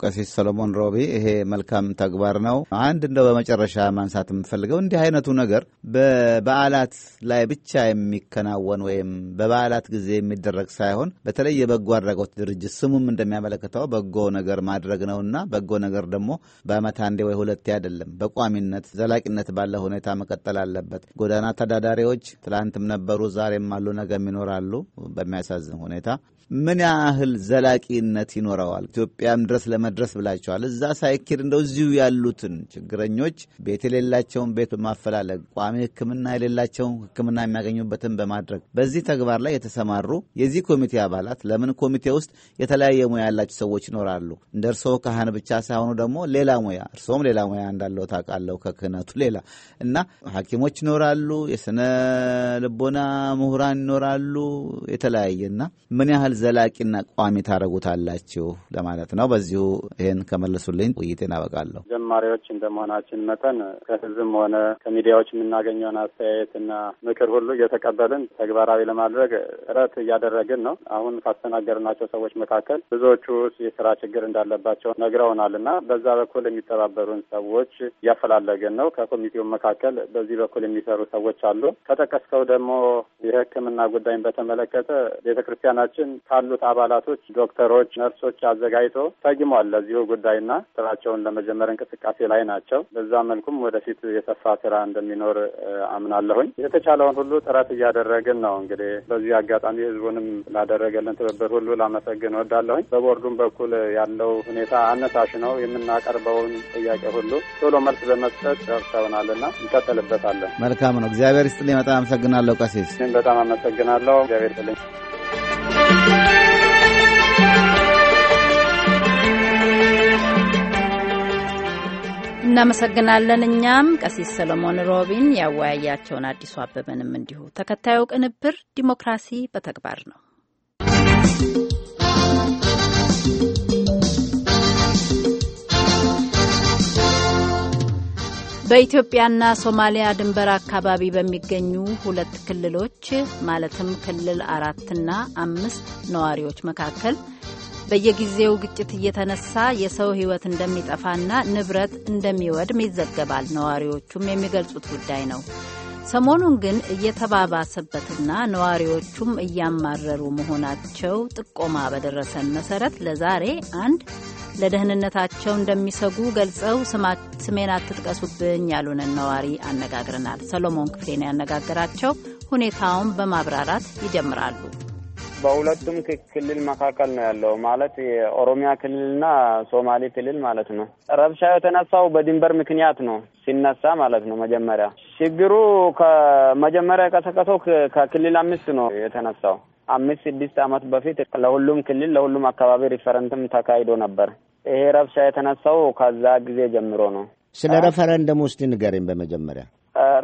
ቀሲስ ሰሎሞን ሮቢ። ይሄ መልካም ተግባር ነው። አንድ እንደው በመጨረሻ ማንሳት የምፈልገው እንዲህ አይነቱ ነገር በበዓላት ላይ ብቻ የሚከናወን ወይም በበዓላት ጊዜ የሚደረግ ሳይሆን በተለይ የበጎ አድራጎት ድርጅት ስሙም እንደሚያመለክተው በጎ ነገር ማድረግ ነውና በጎ ነገር ደግሞ በዓመት አንዴ ወይ ሁለቴ አይደለም፣ በቋሚነት ዘላቂነት ባለ ሁኔታ መቀጠል አለበት። ጎዳና ተዳዳሪዎች ትላንትም ነበሩ፣ ዛሬም አሉ፣ ነገም ይኖራሉ በሚያሳዝን ሁኔታ ምን ያህል ዘላቂነት ይኖረዋል? ኢትዮጵያም ድረስ ለመድረስ ብላቸዋል። እዛ ሳይኪድ እንደው እዚሁ ያሉትን ችግረኞች ቤት የሌላቸውን ቤት በማፈላለግ ቋሚ ሕክምና የሌላቸውን ሕክምና የሚያገኙበትን በማድረግ በዚህ ተግባር ላይ የተሰማሩ የዚህ ኮሚቴ አባላት ለምን ኮሚቴ ውስጥ የተለያየ ሙያ ያላቸው ሰዎች ይኖራሉ። እንደ እርስዎ ካህን ብቻ ሳይሆኑ ደግሞ ሌላ ሙያ እርስዎም ሌላ ሙያ እንዳለው ታውቃለሁ፣ ከክህነቱ ሌላ እና ሐኪሞች ይኖራሉ፣ የስነ ልቦና ምሁራን ይኖራሉ፣ የተለያየ እና ምን ያህል ዘላቂና ቋሚ ታደረጉታላችሁ ለማለት ነው። በዚሁ ይህን ከመለሱልኝ ውይይቴን አበቃለሁ። ጀማሪዎች እንደመሆናችን መጠን ከህዝብም ሆነ ከሚዲያዎች የምናገኘውን አስተያየትና ምክር ሁሉ እየተቀበልን ተግባራዊ ለማድረግ ጥረት እያደረግን ነው። አሁን ካስተናገርናቸው ሰዎች መካከል ብዙዎቹ የስራ ችግር እንዳለባቸው ነግረውናል እና በዛ በኩል የሚተባበሩን ሰዎች እያፈላለግን ነው። ከኮሚቴው መካከል በዚህ በኩል የሚሰሩ ሰዎች አሉ። ከጠቀስከው ደግሞ የሕክምና ጉዳይን በተመለከተ ቤተክርስቲያናችን ። ካሉት አባላቶች ዶክተሮች፣ ነርሶች አዘጋጅቶ ሰይሟል። ለዚሁ ጉዳይና ስራቸውን ለመጀመር እንቅስቃሴ ላይ ናቸው። በዛ መልኩም ወደፊት የሰፋ ስራ እንደሚኖር አምናለሁኝ። የተቻለውን ሁሉ ጥረት እያደረግን ነው። እንግዲህ በዚህ አጋጣሚ ህዝቡንም ላደረገልን ትብብር ሁሉ ላመሰግን ወዳለሁኝ። በቦርዱም በኩል ያለው ሁኔታ አነሳሽ ነው። የምናቀርበውን ጥያቄ ሁሉ ቶሎ መልስ በመስጠት ደርሰውናልና እንቀጥልበታለን። መልካም ነው። እግዚአብሔር ይስጥልኝ። በጣም አመሰግናለሁ ቀሲስ። በጣም አመሰግናለሁ። እግዚአብሔር ይስጥልኝ። እናመሰግናለን። እኛም ቀሲስ ሰለሞን ሮቢን ያወያያቸውን አዲሱ አበበንም እንዲሁ። ተከታዩ ቅንብር ዲሞክራሲ በተግባር ነው። በኢትዮጵያና ሶማሊያ ድንበር አካባቢ በሚገኙ ሁለት ክልሎች ማለትም ክልል አራትና አምስት ነዋሪዎች መካከል በየጊዜው ግጭት እየተነሳ የሰው ሕይወት እንደሚጠፋና ንብረት እንደሚወድም ይዘገባል። ነዋሪዎቹም የሚገልጹት ጉዳይ ነው። ሰሞኑን ግን እየተባባሰበትና ነዋሪዎቹም እያማረሩ መሆናቸው ጥቆማ በደረሰን መሰረት ለዛሬ አንድ ለደህንነታቸው እንደሚሰጉ ገልጸው ስሜን አትጥቀሱብኝ ያሉንን ነዋሪ አነጋግረናል። ሰሎሞን ክፍሌን ያነጋገራቸው ሁኔታውን በማብራራት ይጀምራሉ። በሁለቱም ክልል መካከል ነው ያለው ማለት የኦሮሚያ ክልልና ሶማሌ ክልል ማለት ነው። ረብሻ የተነሳው በድንበር ምክንያት ነው ሲነሳ ማለት ነው። መጀመሪያ ችግሩ ከመጀመሪያ የቀሰቀሰው ከክልል አምስት ነው የተነሳው። አምስት ስድስት አመት በፊት ለሁሉም ክልል ለሁሉም አካባቢ ሪፈረንትም ተካሂዶ ነበር። ይሄ ረብሻ የተነሳው ከዛ ጊዜ ጀምሮ ነው። ስለ ረፈረንደሙ ውስጥ ንገረኝ በመጀመሪያ።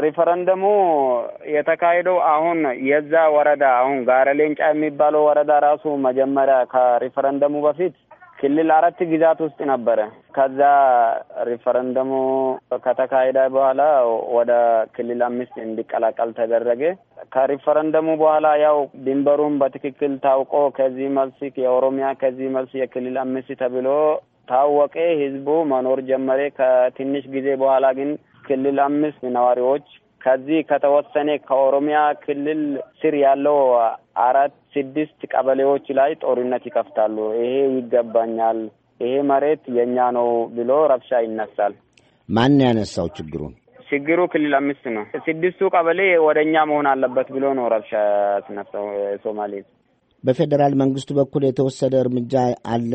ሪፈረንደሙ የተካሄደው አሁን የዛ ወረዳ አሁን ጋረ ሌንጫ የሚባለው ወረዳ ራሱ መጀመሪያ ከሪፈረንደሙ በፊት ክልል አራት ግዛት ውስጥ ነበረ። ከዛ ሪፈረንደሙ ከተካሄደ በኋላ ወደ ክልል አምስት እንዲቀላቀል ተደረገ። ከሪፈረንደሙ በኋላ ያው ድንበሩን በትክክል ታውቆ ከዚህ መልስ የኦሮሚያ ከዚህ መልስ የክልል አምስት ተብሎ ታወቀ። ህዝቡ መኖር ጀመረ። ከትንሽ ጊዜ በኋላ ግን ክልል አምስት ነዋሪዎች ከዚህ ከተወሰነ ከኦሮሚያ ክልል ስር ያለው አራት ስድስት ቀበሌዎች ላይ ጦርነት ይከፍታሉ። ይሄ ይገባኛል፣ ይሄ መሬት የእኛ ነው ብሎ ረብሻ ይነሳል። ማን ያነሳው ችግሩን? ችግሩ ክልል አምስት ነው። ስድስቱ ቀበሌ ወደ እኛ መሆን አለበት ብሎ ነው ረብሻ ያስነሳው ሶማሌ። በፌዴራል መንግስቱ በኩል የተወሰደ እርምጃ አለ?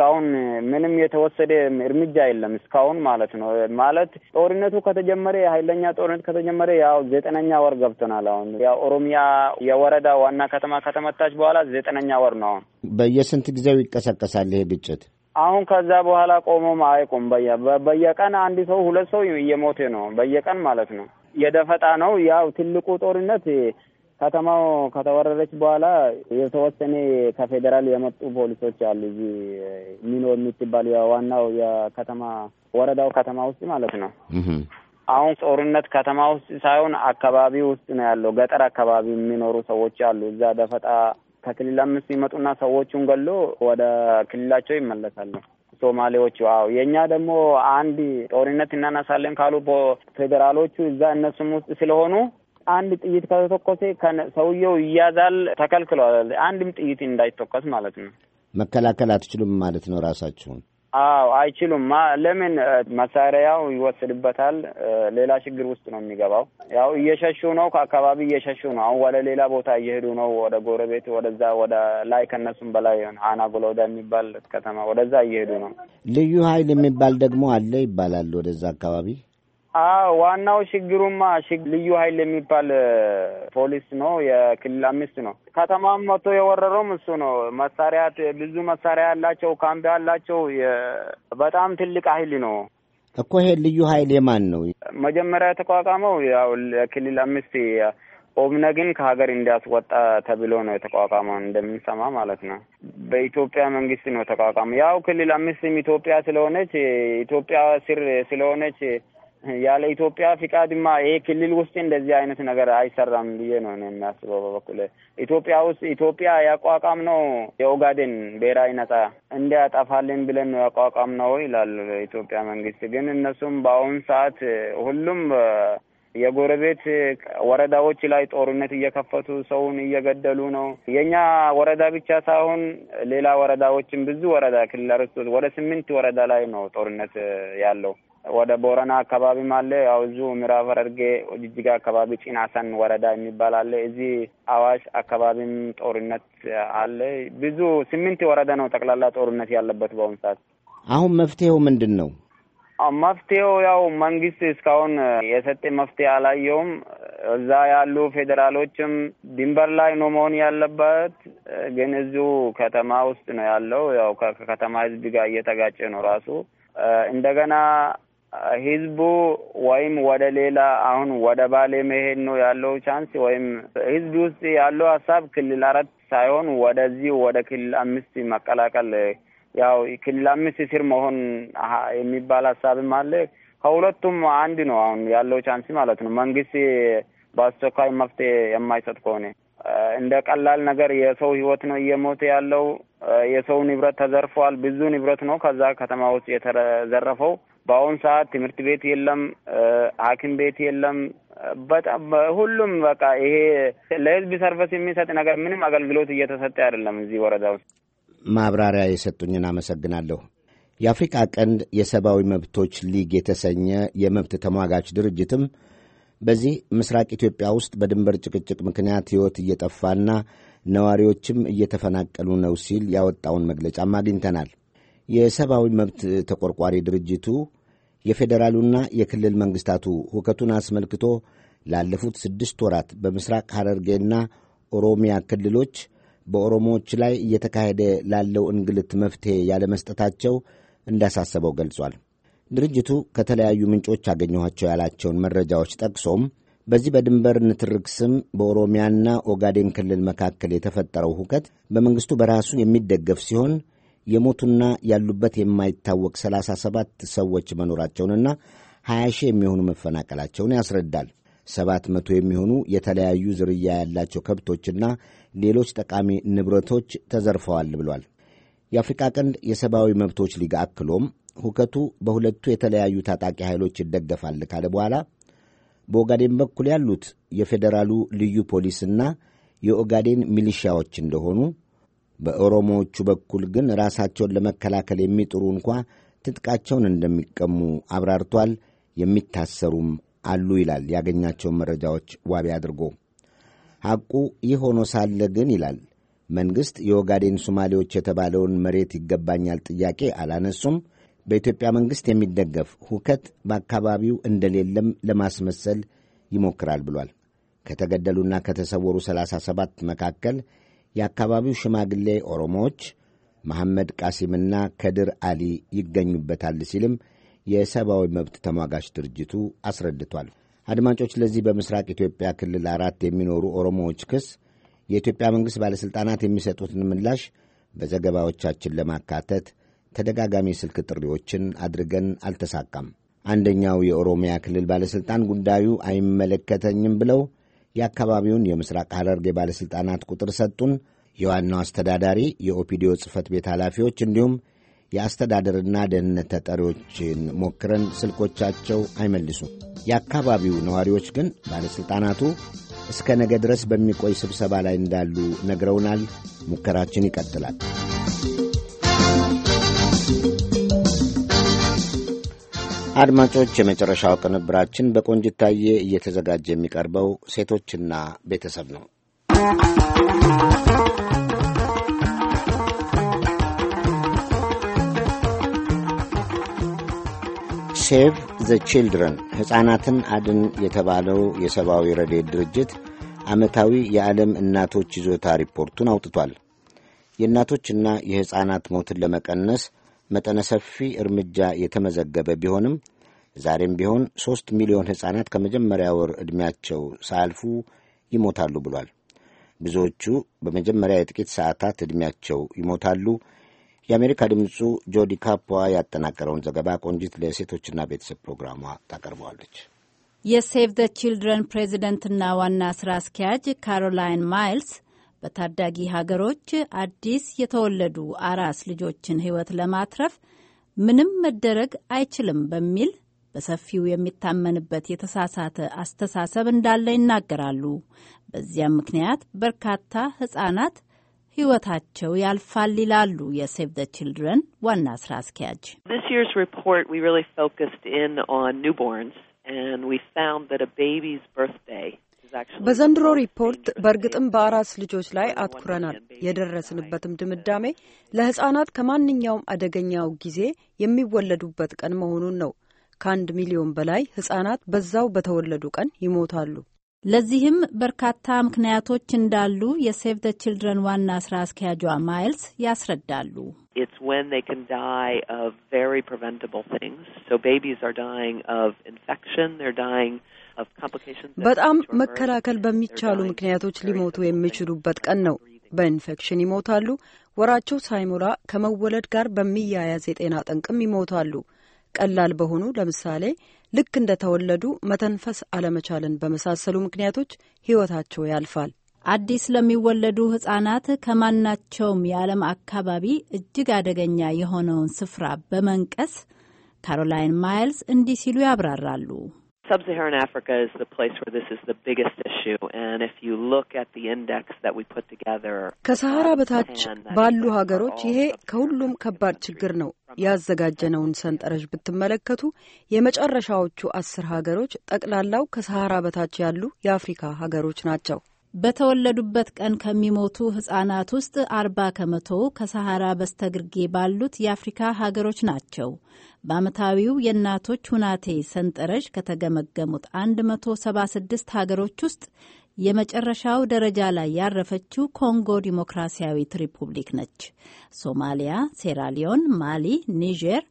እስካሁን ምንም የተወሰደ እርምጃ የለም እስካሁን ማለት ነው። ማለት ጦርነቱ ከተጀመረ የሀይለኛ ጦርነት ከተጀመረ ያው ዘጠነኛ ወር ገብተናል አሁን ያው ኦሮሚያ የወረዳ ዋና ከተማ ከተመታች በኋላ ዘጠነኛ ወር ነው። አሁን በየስንት ጊዜው ይቀሰቀሳል ይሄ ግጭት? አሁን ከዛ በኋላ ቆሞም በየ በየቀን አንድ ሰው ሁለት ሰው እየሞቴ ነው በየቀን ማለት ነው። የደፈጣ ነው ያው ትልቁ ጦርነት ከተማው ከተወረረች በኋላ የተወሰነ ከፌዴራል የመጡ ፖሊሶች አሉ። እዚህ ሚኖ የምትባል ዋናው የከተማ ወረዳው ከተማ ውስጥ ማለት ነው። አሁን ጦርነት ከተማ ውስጥ ሳይሆን አካባቢ ውስጥ ነው ያለው። ገጠር አካባቢ የሚኖሩ ሰዎች አሉ። እዛ ደፈጣ ከክልል አምስት ይመጡና ሰዎቹን ገሎ ወደ ክልላቸው ይመለሳሉ። ሶማሌዎቹ አዎ። የእኛ ደግሞ አንድ ጦርነት እናነሳለን ካሉ ፌዴራሎቹ እዛ እነሱም ውስጥ ስለሆኑ አንድ ጥይት ከተተኮሰ ሰውየው ይያዛል፣ ተከልክለዋል። አንድም ጥይት እንዳይተኮስ ማለት ነው። መከላከል አትችሉም ማለት ነው ራሳችሁን። አዎ አይችሉም። ለምን መሳሪያው ይወስድበታል። ሌላ ችግር ውስጥ ነው የሚገባው። ያው እየሸሹ ነው፣ ከአካባቢ እየሸሹ ነው። አሁን ወደ ሌላ ቦታ እየሄዱ ነው። ወደ ጎረቤት፣ ወደዛ ወደ ላይ ከነሱም በላይ ሀና ጎሎዳ የሚባል ከተማ ወደዛ እየሄዱ ነው። ልዩ ኃይል የሚባል ደግሞ አለ ይባላል ወደዛ አካባቢ አዎ ዋናው ችግሩማ ልዩ ኃይል የሚባል ፖሊስ ነው። የክልል አምስት ነው። ከተማም መቶ የወረረውም እሱ ነው። መሳሪያ ብዙ መሳሪያ ያላቸው ካምቢ ያላቸው በጣም ትልቅ ኃይል ነው እኮ ይሄ ልዩ ኃይል የማን ነው? መጀመሪያ የተቋቋመው ያው የክልል አምስት ኦብነግን ከሀገር እንዲያስወጣ ተብሎ ነው የተቋቋመው፣ እንደምንሰማ ማለት ነው። በኢትዮጵያ መንግስት ነው የተቋቋመው። ያው ክልል አምስትም ኢትዮጵያ ስለሆነች ኢትዮጵያ ስር ስለሆነች ያለ ኢትዮጵያ ፍቃድማ ይሄ ክልል ውስጥ እንደዚህ አይነት ነገር አይሰራም ብዬ ነው እኔ የሚያስበው በበኩል ኢትዮጵያ ውስጥ ኢትዮጵያ ያቋቋም ነው የኦጋዴን ብሔራዊ ነጻ እንዲያጠፋልን ብለን ነው ያቋቋም ነው ይላል ኢትዮጵያ መንግስት። ግን እነሱም በአሁን ሰዓት ሁሉም የጎረቤት ወረዳዎች ላይ ጦርነት እየከፈቱ ሰውን እየገደሉ ነው። የእኛ ወረዳ ብቻ ሳይሆን ሌላ ወረዳዎችን ብዙ ወረዳ ክልል ወደ ስምንት ወረዳ ላይ ነው ጦርነት ያለው። ወደ ቦረና አካባቢም አለ። ያው እዚሁ ምዕራብ ሐረርጌ ጅጅጋ አካባቢ ጭናሰን ወረዳ የሚባል አለ። እዚህ አዋሽ አካባቢም ጦርነት አለ። ብዙ ስምንት ወረዳ ነው ጠቅላላ ጦርነት ያለበት በአሁኑ ሰዓት። አሁን መፍትሄው ምንድን ነው? መፍትሄው ያው መንግስት እስካሁን የሰጠ መፍትሄ አላየውም። እዛ ያሉ ፌዴራሎችም ድንበር ላይ ነው መሆን ያለበት፣ ግን እዚሁ ከተማ ውስጥ ነው ያለው። ያው ከከተማ ህዝብ ጋር እየተጋጨ ነው ራሱ እንደገና ህዝቡ ወይም ወደ ሌላ አሁን ወደ ባሌ መሄድ ነው ያለው ቻንስ ወይም ህዝብ ውስጥ ያለው ሀሳብ ክልል አራት ሳይሆን ወደዚህ ወደ ክልል አምስት መቀላቀል ያው ክልል አምስት ስር መሆን የሚባል ሀሳብም አለ። ከሁለቱም አንድ ነው አሁን ያለው ቻንስ ማለት ነው። መንግስት በአስቸኳይ መፍትሄ የማይሰጥ ከሆነ እንደ ቀላል ነገር የሰው ህይወት ነው እየሞተ ያለው። የሰው ንብረት ተዘርፏል። ብዙ ንብረት ነው ከዛ ከተማ ውስጥ የተዘረፈው። በአሁን ሰዓት ትምህርት ቤት የለም፣ ሐኪም ቤት የለም። በጣም ሁሉም በቃ ይሄ ለህዝብ ሰርቨስ የሚሰጥ ነገር ምንም አገልግሎት እየተሰጠ አይደለም እዚህ ወረዳ ውስጥ። ማብራሪያ የሰጡኝን አመሰግናለሁ። የአፍሪቃ ቀንድ የሰብአዊ መብቶች ሊግ የተሰኘ የመብት ተሟጋች ድርጅትም በዚህ ምስራቅ ኢትዮጵያ ውስጥ በድንበር ጭቅጭቅ ምክንያት ሕይወት እየጠፋና ነዋሪዎችም እየተፈናቀሉ ነው ሲል ያወጣውን መግለጫም አግኝተናል። የሰብአዊ መብት ተቆርቋሪ ድርጅቱ የፌዴራሉና የክልል መንግሥታቱ ሁከቱን አስመልክቶ ላለፉት ስድስት ወራት በምስራቅ ሐረርጌና ኦሮሚያ ክልሎች በኦሮሞዎች ላይ እየተካሄደ ላለው እንግልት መፍትሔ ያለመስጠታቸው እንዳሳሰበው ገልጿል። ድርጅቱ ከተለያዩ ምንጮች አገኘኋቸው ያላቸውን መረጃዎች ጠቅሶም በዚህ በድንበር ንትርክ ስም በኦሮሚያና ኦጋዴን ክልል መካከል የተፈጠረው ሁከት በመንግሥቱ በራሱ የሚደገፍ ሲሆን የሞቱና ያሉበት የማይታወቅ ሰላሳ ሰባት ሰዎች መኖራቸውንና 20 ሺህ የሚሆኑ መፈናቀላቸውን ያስረዳል። ሰባት መቶ የሚሆኑ የተለያዩ ዝርያ ያላቸው ከብቶችና ሌሎች ጠቃሚ ንብረቶች ተዘርፈዋል ብሏል። የአፍሪቃ ቀንድ የሰብአዊ መብቶች ሊግ አክሎም ሁከቱ በሁለቱ የተለያዩ ታጣቂ ኃይሎች ይደገፋል ካለ በኋላ በኦጋዴን በኩል ያሉት የፌዴራሉ ልዩ ፖሊስና የኦጋዴን ሚሊሺያዎች እንደሆኑ በኦሮሞዎቹ በኩል ግን ራሳቸውን ለመከላከል የሚጥሩ እንኳ ትጥቃቸውን እንደሚቀሙ አብራርቷል። የሚታሰሩም አሉ ይላል ያገኛቸውን መረጃዎች ዋቢ አድርጎ። ሐቁ ይህ ሆኖ ሳለ ግን ይላል መንግሥት የኦጋዴን ሶማሌዎች የተባለውን መሬት ይገባኛል ጥያቄ አላነሱም። በኢትዮጵያ መንግሥት የሚደገፍ ሁከት በአካባቢው እንደሌለም ለማስመሰል ይሞክራል ብሏል። ከተገደሉና ከተሰወሩ 37 መካከል የአካባቢው ሽማግሌ ኦሮሞዎች መሐመድ ቃሲምና ከድር አሊ ይገኙበታል ሲልም የሰብአዊ መብት ተሟጋች ድርጅቱ አስረድቷል። አድማጮች፣ ለዚህ በምስራቅ ኢትዮጵያ ክልል አራት የሚኖሩ ኦሮሞዎች ክስ የኢትዮጵያ መንግሥት ባለሥልጣናት የሚሰጡትን ምላሽ በዘገባዎቻችን ለማካተት ተደጋጋሚ ስልክ ጥሪዎችን አድርገን አልተሳካም። አንደኛው የኦሮሚያ ክልል ባለሥልጣን ጉዳዩ አይመለከተኝም ብለው የአካባቢውን የምስራቅ ሐረርጌ ባለሥልጣናት ቁጥር ሰጡን። የዋናው አስተዳዳሪ፣ የኦፒዲዮ ጽህፈት ቤት ኃላፊዎች እንዲሁም የአስተዳደርና ደህንነት ተጠሪዎችን ሞክረን ስልኮቻቸው አይመልሱም። የአካባቢው ነዋሪዎች ግን ባለሥልጣናቱ እስከ ነገ ድረስ በሚቆይ ስብሰባ ላይ እንዳሉ ነግረውናል። ሙከራችን ይቀጥላል። አድማጮች፣ የመጨረሻው ቅንብራችን በቆንጅታዬ እየተዘጋጀ የሚቀርበው ሴቶችና ቤተሰብ ነው። ሴቭ ዘ ቺልድረን ሕፃናትን አድን የተባለው የሰብአዊ ረድኤት ድርጅት ዓመታዊ የዓለም እናቶች ይዞታ ሪፖርቱን አውጥቷል። የእናቶችና የሕፃናት ሞትን ለመቀነስ መጠነ ሰፊ እርምጃ የተመዘገበ ቢሆንም ዛሬም ቢሆን ሦስት ሚሊዮን ሕፃናት ከመጀመሪያ ወር ዕድሜያቸው ሳያልፉ ይሞታሉ ብሏል። ብዙዎቹ በመጀመሪያ የጥቂት ሰዓታት ዕድሜያቸው ይሞታሉ። የአሜሪካ ድምፁ ጆዲ ካፖዋ ያጠናቀረውን ዘገባ ቆንጂት ለሴቶችና ቤተሰብ ፕሮግራሟ ታቀርበዋለች። የሴቭ ዘ ቺልድረን ፕሬዚደንትና ዋና ስራ አስኪያጅ ካሮላይን ማይልስ በታዳጊ ሀገሮች አዲስ የተወለዱ አራስ ልጆችን ሕይወት ለማትረፍ ምንም መደረግ አይችልም በሚል በሰፊው የሚታመንበት የተሳሳተ አስተሳሰብ እንዳለ ይናገራሉ። በዚያም ምክንያት በርካታ ሕጻናት ህይወታቸው ያልፋል ይላሉ የሴቭ ዘ ችልድረን ዋና ስራ አስኪያጅ። በዘንድሮ ሪፖርት በእርግጥም በአራስ ልጆች ላይ አትኩረናል። የደረስንበትም ድምዳሜ ለሕፃናት ከማንኛውም አደገኛው ጊዜ የሚወለዱበት ቀን መሆኑን ነው። ከአንድ ሚሊዮን በላይ ሕፃናት በዛው በተወለዱ ቀን ይሞታሉ። ለዚህም በርካታ ምክንያቶች እንዳሉ የሴቭ ዘ ችልድረን ዋና ስራ አስኪያጇ ማይልስ ያስረዳሉ። በጣም መከላከል በሚቻሉ ምክንያቶች ሊሞቱ የሚችሉበት ቀን ነው። በኢንፌክሽን ይሞታሉ። ወራቸው ሳይሞላ ከመወለድ ጋር በሚያያዝ የጤና ጠንቅም ይሞታሉ። ቀላል በሆኑ ለምሳሌ ልክ እንደ ተወለዱ መተንፈስ አለመቻልን በመሳሰሉ ምክንያቶች ሕይወታቸው ያልፋል። አዲስ ለሚወለዱ ሕጻናት ከማናቸውም የዓለም አካባቢ እጅግ አደገኛ የሆነውን ስፍራ በመንቀስ ካሮላይን ማይልስ እንዲህ ሲሉ ያብራራሉ። Sub Saharan Africa is the place where this is the biggest issue, and if you look at the index that we put together. ከሰሃራ በታች ባሉ ሀገሮች ይሄ ከሁሉም ከባድ ችግር ነው። ያዘጋጀነውን ሰንጠረዥ ብትመለከቱ የመጨረሻዎቹ አስር ሀገሮች ጠቅላላው ከሰሃራ በታች ያሉ የአፍሪካ ሀገሮች ናቸው። በተወለዱበት ቀን ከሚሞቱ ህጻናት ውስጥ አርባ ከመቶ ከሰሃራ በስተግርጌ ባሉት የአፍሪካ ሀገሮች ናቸው። በዓመታዊው የእናቶች ሁናቴ ሰንጠረዥ ከተገመገሙት 176 ሀገሮች ውስጥ የመጨረሻው ደረጃ ላይ ያረፈችው ኮንጎ ዲሞክራሲያዊት ሪፑብሊክ ነች። ሶማሊያ፣ ሴራሊዮን፣ ማሊ፣ ኒጀር፣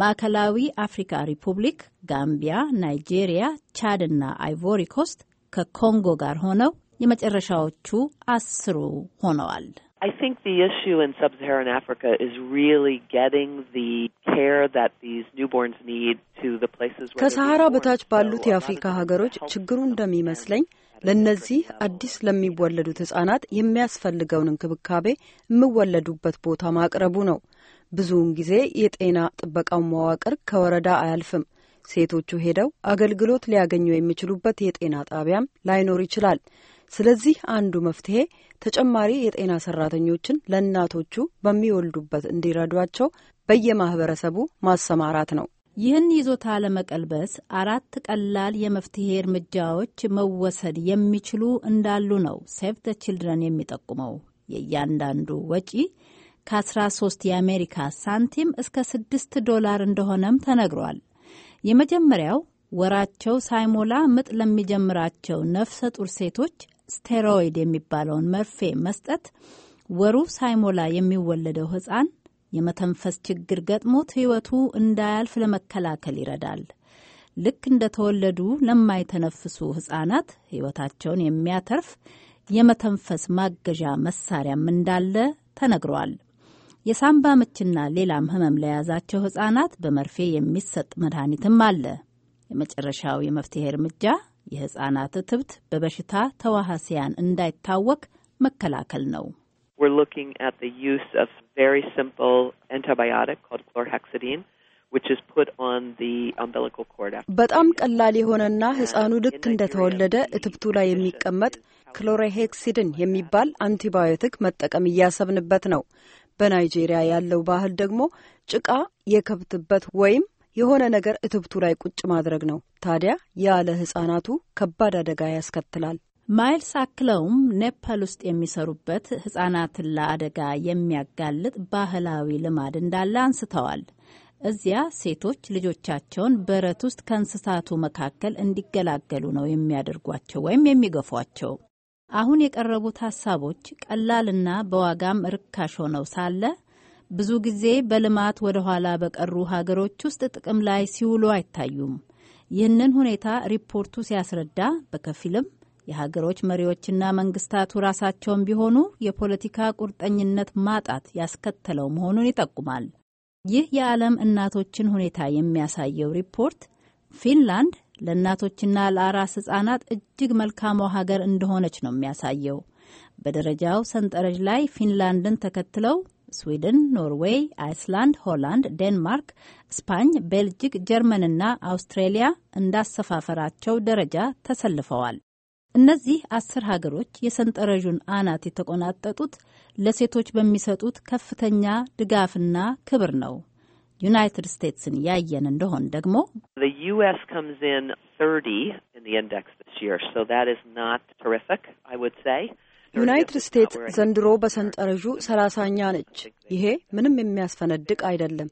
ማዕከላዊ አፍሪካ ሪፑብሊክ፣ ጋምቢያ፣ ናይጄሪያ፣ ቻድና አይቮሪ ኮስት ከኮንጎ ጋር ሆነው የመጨረሻዎቹ አስሩ ሆነዋል። I think the issue in sub-Saharan Africa is really getting the care that these newborns need to the places where ከሰሃራ በታች ባሉት uh, የአፍሪካ ሀገሮች ችግሩ እንደሚመስለኝ ለእነዚህ አዲስ ለሚወለዱት ህጻናት የሚያስፈልገውን እንክብካቤ የሚወለዱበት ቦታ ማቅረቡ ነው። ብዙውን ጊዜ የጤና ጥበቃው መዋቅር ከወረዳ አያልፍም። ሴቶቹ ሄደው አገልግሎት ሊያገኙ የሚችሉበት የጤና ጣቢያም ላይኖር ይችላል። ስለዚህ አንዱ መፍትሄ ተጨማሪ የጤና ሰራተኞችን ለእናቶቹ በሚወልዱበት እንዲረዷቸው በየማህበረሰቡ ማሰማራት ነው። ይህን ይዞታ ለመቀልበስ አራት ቀላል የመፍትሄ እርምጃዎች መወሰድ የሚችሉ እንዳሉ ነው ሴቭ ተ ችልድረን የሚጠቁመው። የእያንዳንዱ ወጪ ከ13 የአሜሪካ ሳንቲም እስከ 6 ዶላር እንደሆነም ተነግሯል። የመጀመሪያው ወራቸው ሳይሞላ ምጥ ለሚጀምራቸው ነፍሰ ጡር ሴቶች ስቴሮይድ የሚባለውን መርፌ መስጠት ወሩ ሳይሞላ የሚወለደው ህፃን የመተንፈስ ችግር ገጥሞት ህይወቱ እንዳያልፍ ለመከላከል ይረዳል። ልክ እንደተወለዱ ለማይተነፍሱ ህጻናት ህይወታቸውን የሚያተርፍ የመተንፈስ ማገዣ መሳሪያም እንዳለ ተነግሯል። የሳምባ ምችና ሌላም ህመም ለያዛቸው ህጻናት በመርፌ የሚሰጥ መድኃኒትም አለ። የመጨረሻው የመፍትሄ እርምጃ የህጻናት እትብት በበሽታ ተዋሃሲያን እንዳይታወክ መከላከል ነው። በጣም ቀላል የሆነና ህጻኑ ልክ እንደተወለደ እትብቱ ላይ የሚቀመጥ ክሎሬሄክሲድን የሚባል አንቲባዮቲክ መጠቀም እያሰብንበት ነው። በናይጄሪያ ያለው ባህል ደግሞ ጭቃ የከብትበት ወይም የሆነ ነገር እትብቱ ላይ ቁጭ ማድረግ ነው። ታዲያ ያለ ህጻናቱ ከባድ አደጋ ያስከትላል። ማይልስ አክለውም ኔፓል ውስጥ የሚሰሩበት ህጻናትን ለአደጋ የሚያጋልጥ ባህላዊ ልማድ እንዳለ አንስተዋል። እዚያ ሴቶች ልጆቻቸውን በረት ውስጥ ከእንስሳቱ መካከል እንዲገላገሉ ነው የሚያደርጓቸው ወይም የሚገፏቸው። አሁን የቀረቡት ሀሳቦች ቀላልና በዋጋም ርካሽ ሆነው ሳለ ብዙ ጊዜ በልማት ወደ ኋላ በቀሩ ሀገሮች ውስጥ ጥቅም ላይ ሲውሉ አይታዩም። ይህንን ሁኔታ ሪፖርቱ ሲያስረዳ በከፊልም የሀገሮች መሪዎችና መንግስታቱ ራሳቸውን ቢሆኑ የፖለቲካ ቁርጠኝነት ማጣት ያስከተለው መሆኑን ይጠቁማል። ይህ የዓለም እናቶችን ሁኔታ የሚያሳየው ሪፖርት ፊንላንድ ለእናቶችና ለአራስ ሕፃናት እጅግ መልካሟ ሀገር እንደሆነች ነው የሚያሳየው። በደረጃው ሰንጠረዥ ላይ ፊንላንድን ተከትለው ስዊድን፣ ኖርዌይ፣ አይስላንድ፣ ሆላንድ፣ ዴንማርክ፣ ስፓኝ፣ ቤልጅክ፣ ጀርመንና አውስትሬሊያ እንዳሰፋፈራቸው ደረጃ ተሰልፈዋል። እነዚህ አስር ሀገሮች የሰንጠረዡን አናት የተቆናጠጡት ለሴቶች በሚሰጡት ከፍተኛ ድጋፍና ክብር ነው። ዩናይትድ ስቴትስን ያየን እንደሆን ደግሞ ዩናይትድ ስቴትስ ዘንድሮ በሰንጠረዡ ሰላሳኛ ነች። ይሄ ምንም የሚያስፈነድቅ አይደለም።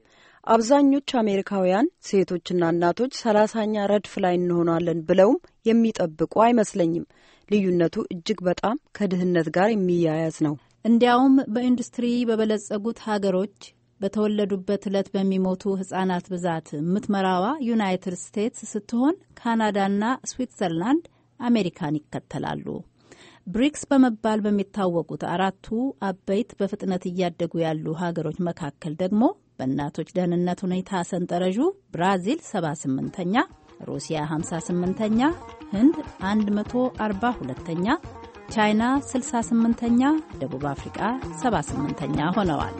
አብዛኞቹ አሜሪካውያን ሴቶችና እናቶች ሰላሳኛ ረድፍ ላይ እንሆናለን ብለውም የሚጠብቁ አይመስለኝም። ልዩነቱ እጅግ በጣም ከድህነት ጋር የሚያያዝ ነው። እንዲያውም በኢንዱስትሪ በበለጸጉት ሀገሮች በተወለዱበት ዕለት በሚሞቱ ህጻናት ብዛት የምትመራዋ ዩናይትድ ስቴትስ ስትሆን ካናዳና ስዊትዘርላንድ አሜሪካን ይከተላሉ። ብሪክስ በመባል በሚታወቁት አራቱ አበይት በፍጥነት እያደጉ ያሉ ሀገሮች መካከል ደግሞ በእናቶች ደህንነት ሁኔታ ሰንጠረዡ ብራዚል 78ኛ፣ ሩሲያ 58ኛ፣ ህንድ 142ኛ፣ ቻይና 68ኛ፣ ደቡብ አፍሪቃ 78ኛ ሆነዋል።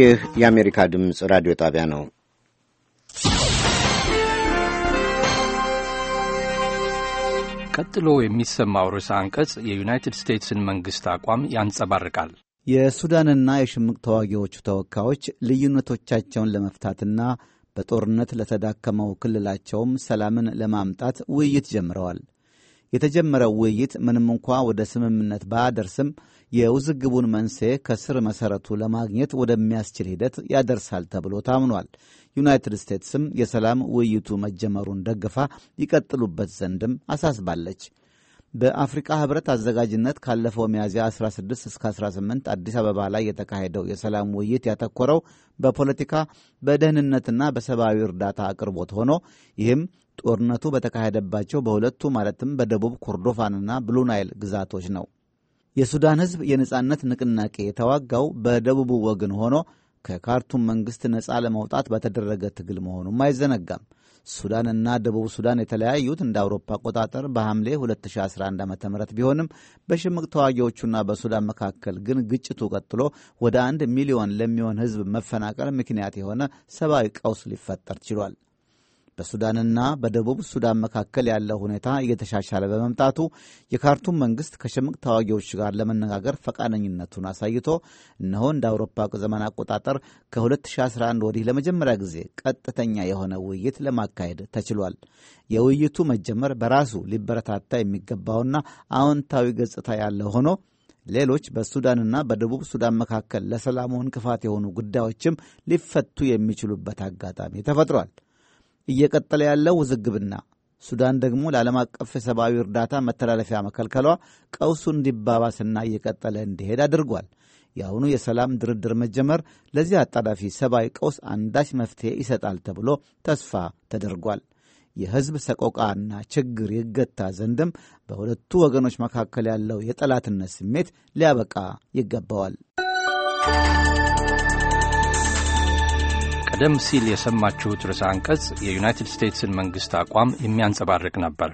ይህ የአሜሪካ ድምፅ ራዲዮ ጣቢያ ነው። ቀጥሎ የሚሰማው ርዕሰ አንቀጽ የዩናይትድ ስቴትስን መንግሥት አቋም ያንጸባርቃል። የሱዳንና የሽምቅ ተዋጊዎቹ ተወካዮች ልዩነቶቻቸውን ለመፍታትና በጦርነት ለተዳከመው ክልላቸውም ሰላምን ለማምጣት ውይይት ጀምረዋል። የተጀመረው ውይይት ምንም እንኳ ወደ ስምምነት ባያደርስም የውዝግቡን መንስኤ ከስር መሠረቱ ለማግኘት ወደሚያስችል ሂደት ያደርሳል ተብሎ ታምኗል። ዩናይትድ ስቴትስም የሰላም ውይይቱ መጀመሩን ደግፋ ይቀጥሉበት ዘንድም አሳስባለች። በአፍሪካ ህብረት አዘጋጅነት ካለፈው ሚያዝያ 16 እስከ 18 አዲስ አበባ ላይ የተካሄደው የሰላም ውይይት ያተኮረው በፖለቲካ በደህንነትና በሰብአዊ እርዳታ አቅርቦት ሆኖ ይህም ጦርነቱ በተካሄደባቸው በሁለቱ ማለትም በደቡብ ኮርዶፋንና ብሉናይል ግዛቶች ነው። የሱዳን ህዝብ የነጻነት ንቅናቄ የተዋጋው በደቡቡ ወገን ሆኖ ከካርቱም መንግሥት ነፃ ለመውጣት በተደረገ ትግል መሆኑም አይዘነጋም። ሱዳንና ደቡብ ሱዳን የተለያዩት እንደ አውሮፓ አቆጣጠር በሐምሌ 2011 ዓ ም ቢሆንም በሽምቅ ተዋጊዎቹና በሱዳን መካከል ግን ግጭቱ ቀጥሎ ወደ አንድ ሚሊዮን ለሚሆን ሕዝብ መፈናቀል ምክንያት የሆነ ሰብአዊ ቀውስ ሊፈጠር ችሏል። በሱዳንና በደቡብ ሱዳን መካከል ያለው ሁኔታ እየተሻሻለ በመምጣቱ የካርቱም መንግስት ከሽምቅ ተዋጊዎች ጋር ለመነጋገር ፈቃደኝነቱን አሳይቶ እነሆ እንደ አውሮፓ ዘመን አቆጣጠር ከ2011 ወዲህ ለመጀመሪያ ጊዜ ቀጥተኛ የሆነ ውይይት ለማካሄድ ተችሏል። የውይይቱ መጀመር በራሱ ሊበረታታ የሚገባውና አዎንታዊ ገጽታ ያለው ሆኖ ሌሎች በሱዳንና በደቡብ ሱዳን መካከል ለሰላሙ እንቅፋት የሆኑ ጉዳዮችም ሊፈቱ የሚችሉበት አጋጣሚ ተፈጥሯል። እየቀጠለ ያለው ውዝግብና ሱዳን ደግሞ ለዓለም አቀፍ የሰብአዊ እርዳታ መተላለፊያ መከልከሏ ቀውሱ እንዲባባስና እየቀጠለ እንዲሄድ አድርጓል። የአሁኑ የሰላም ድርድር መጀመር ለዚህ አጣዳፊ ሰብአዊ ቀውስ አንዳች መፍትሄ ይሰጣል ተብሎ ተስፋ ተደርጓል። የሕዝብ ሰቆቃና ችግር ይገታ ዘንድም በሁለቱ ወገኖች መካከል ያለው የጠላትነት ስሜት ሊያበቃ ይገባዋል። ቀደም ሲል የሰማችሁት ርዕሰ አንቀጽ የዩናይትድ ስቴትስን መንግሥት አቋም የሚያንጸባርቅ ነበር።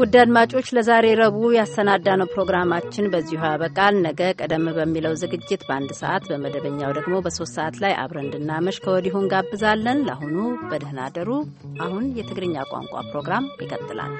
ውድ አድማጮች ለዛሬ ረቡዕ ያሰናዳነው ፕሮግራማችን በዚሁ ያበቃል። ነገ ቀደም በሚለው ዝግጅት በአንድ ሰዓት በመደበኛው ደግሞ በሶስት ሰዓት ላይ አብረን እንድናመሽ ከወዲሁ እንጋብዛለን። ለአሁኑ በደህና አደሩ። አሁን የትግርኛ ቋንቋ ፕሮግራም ይቀጥላል።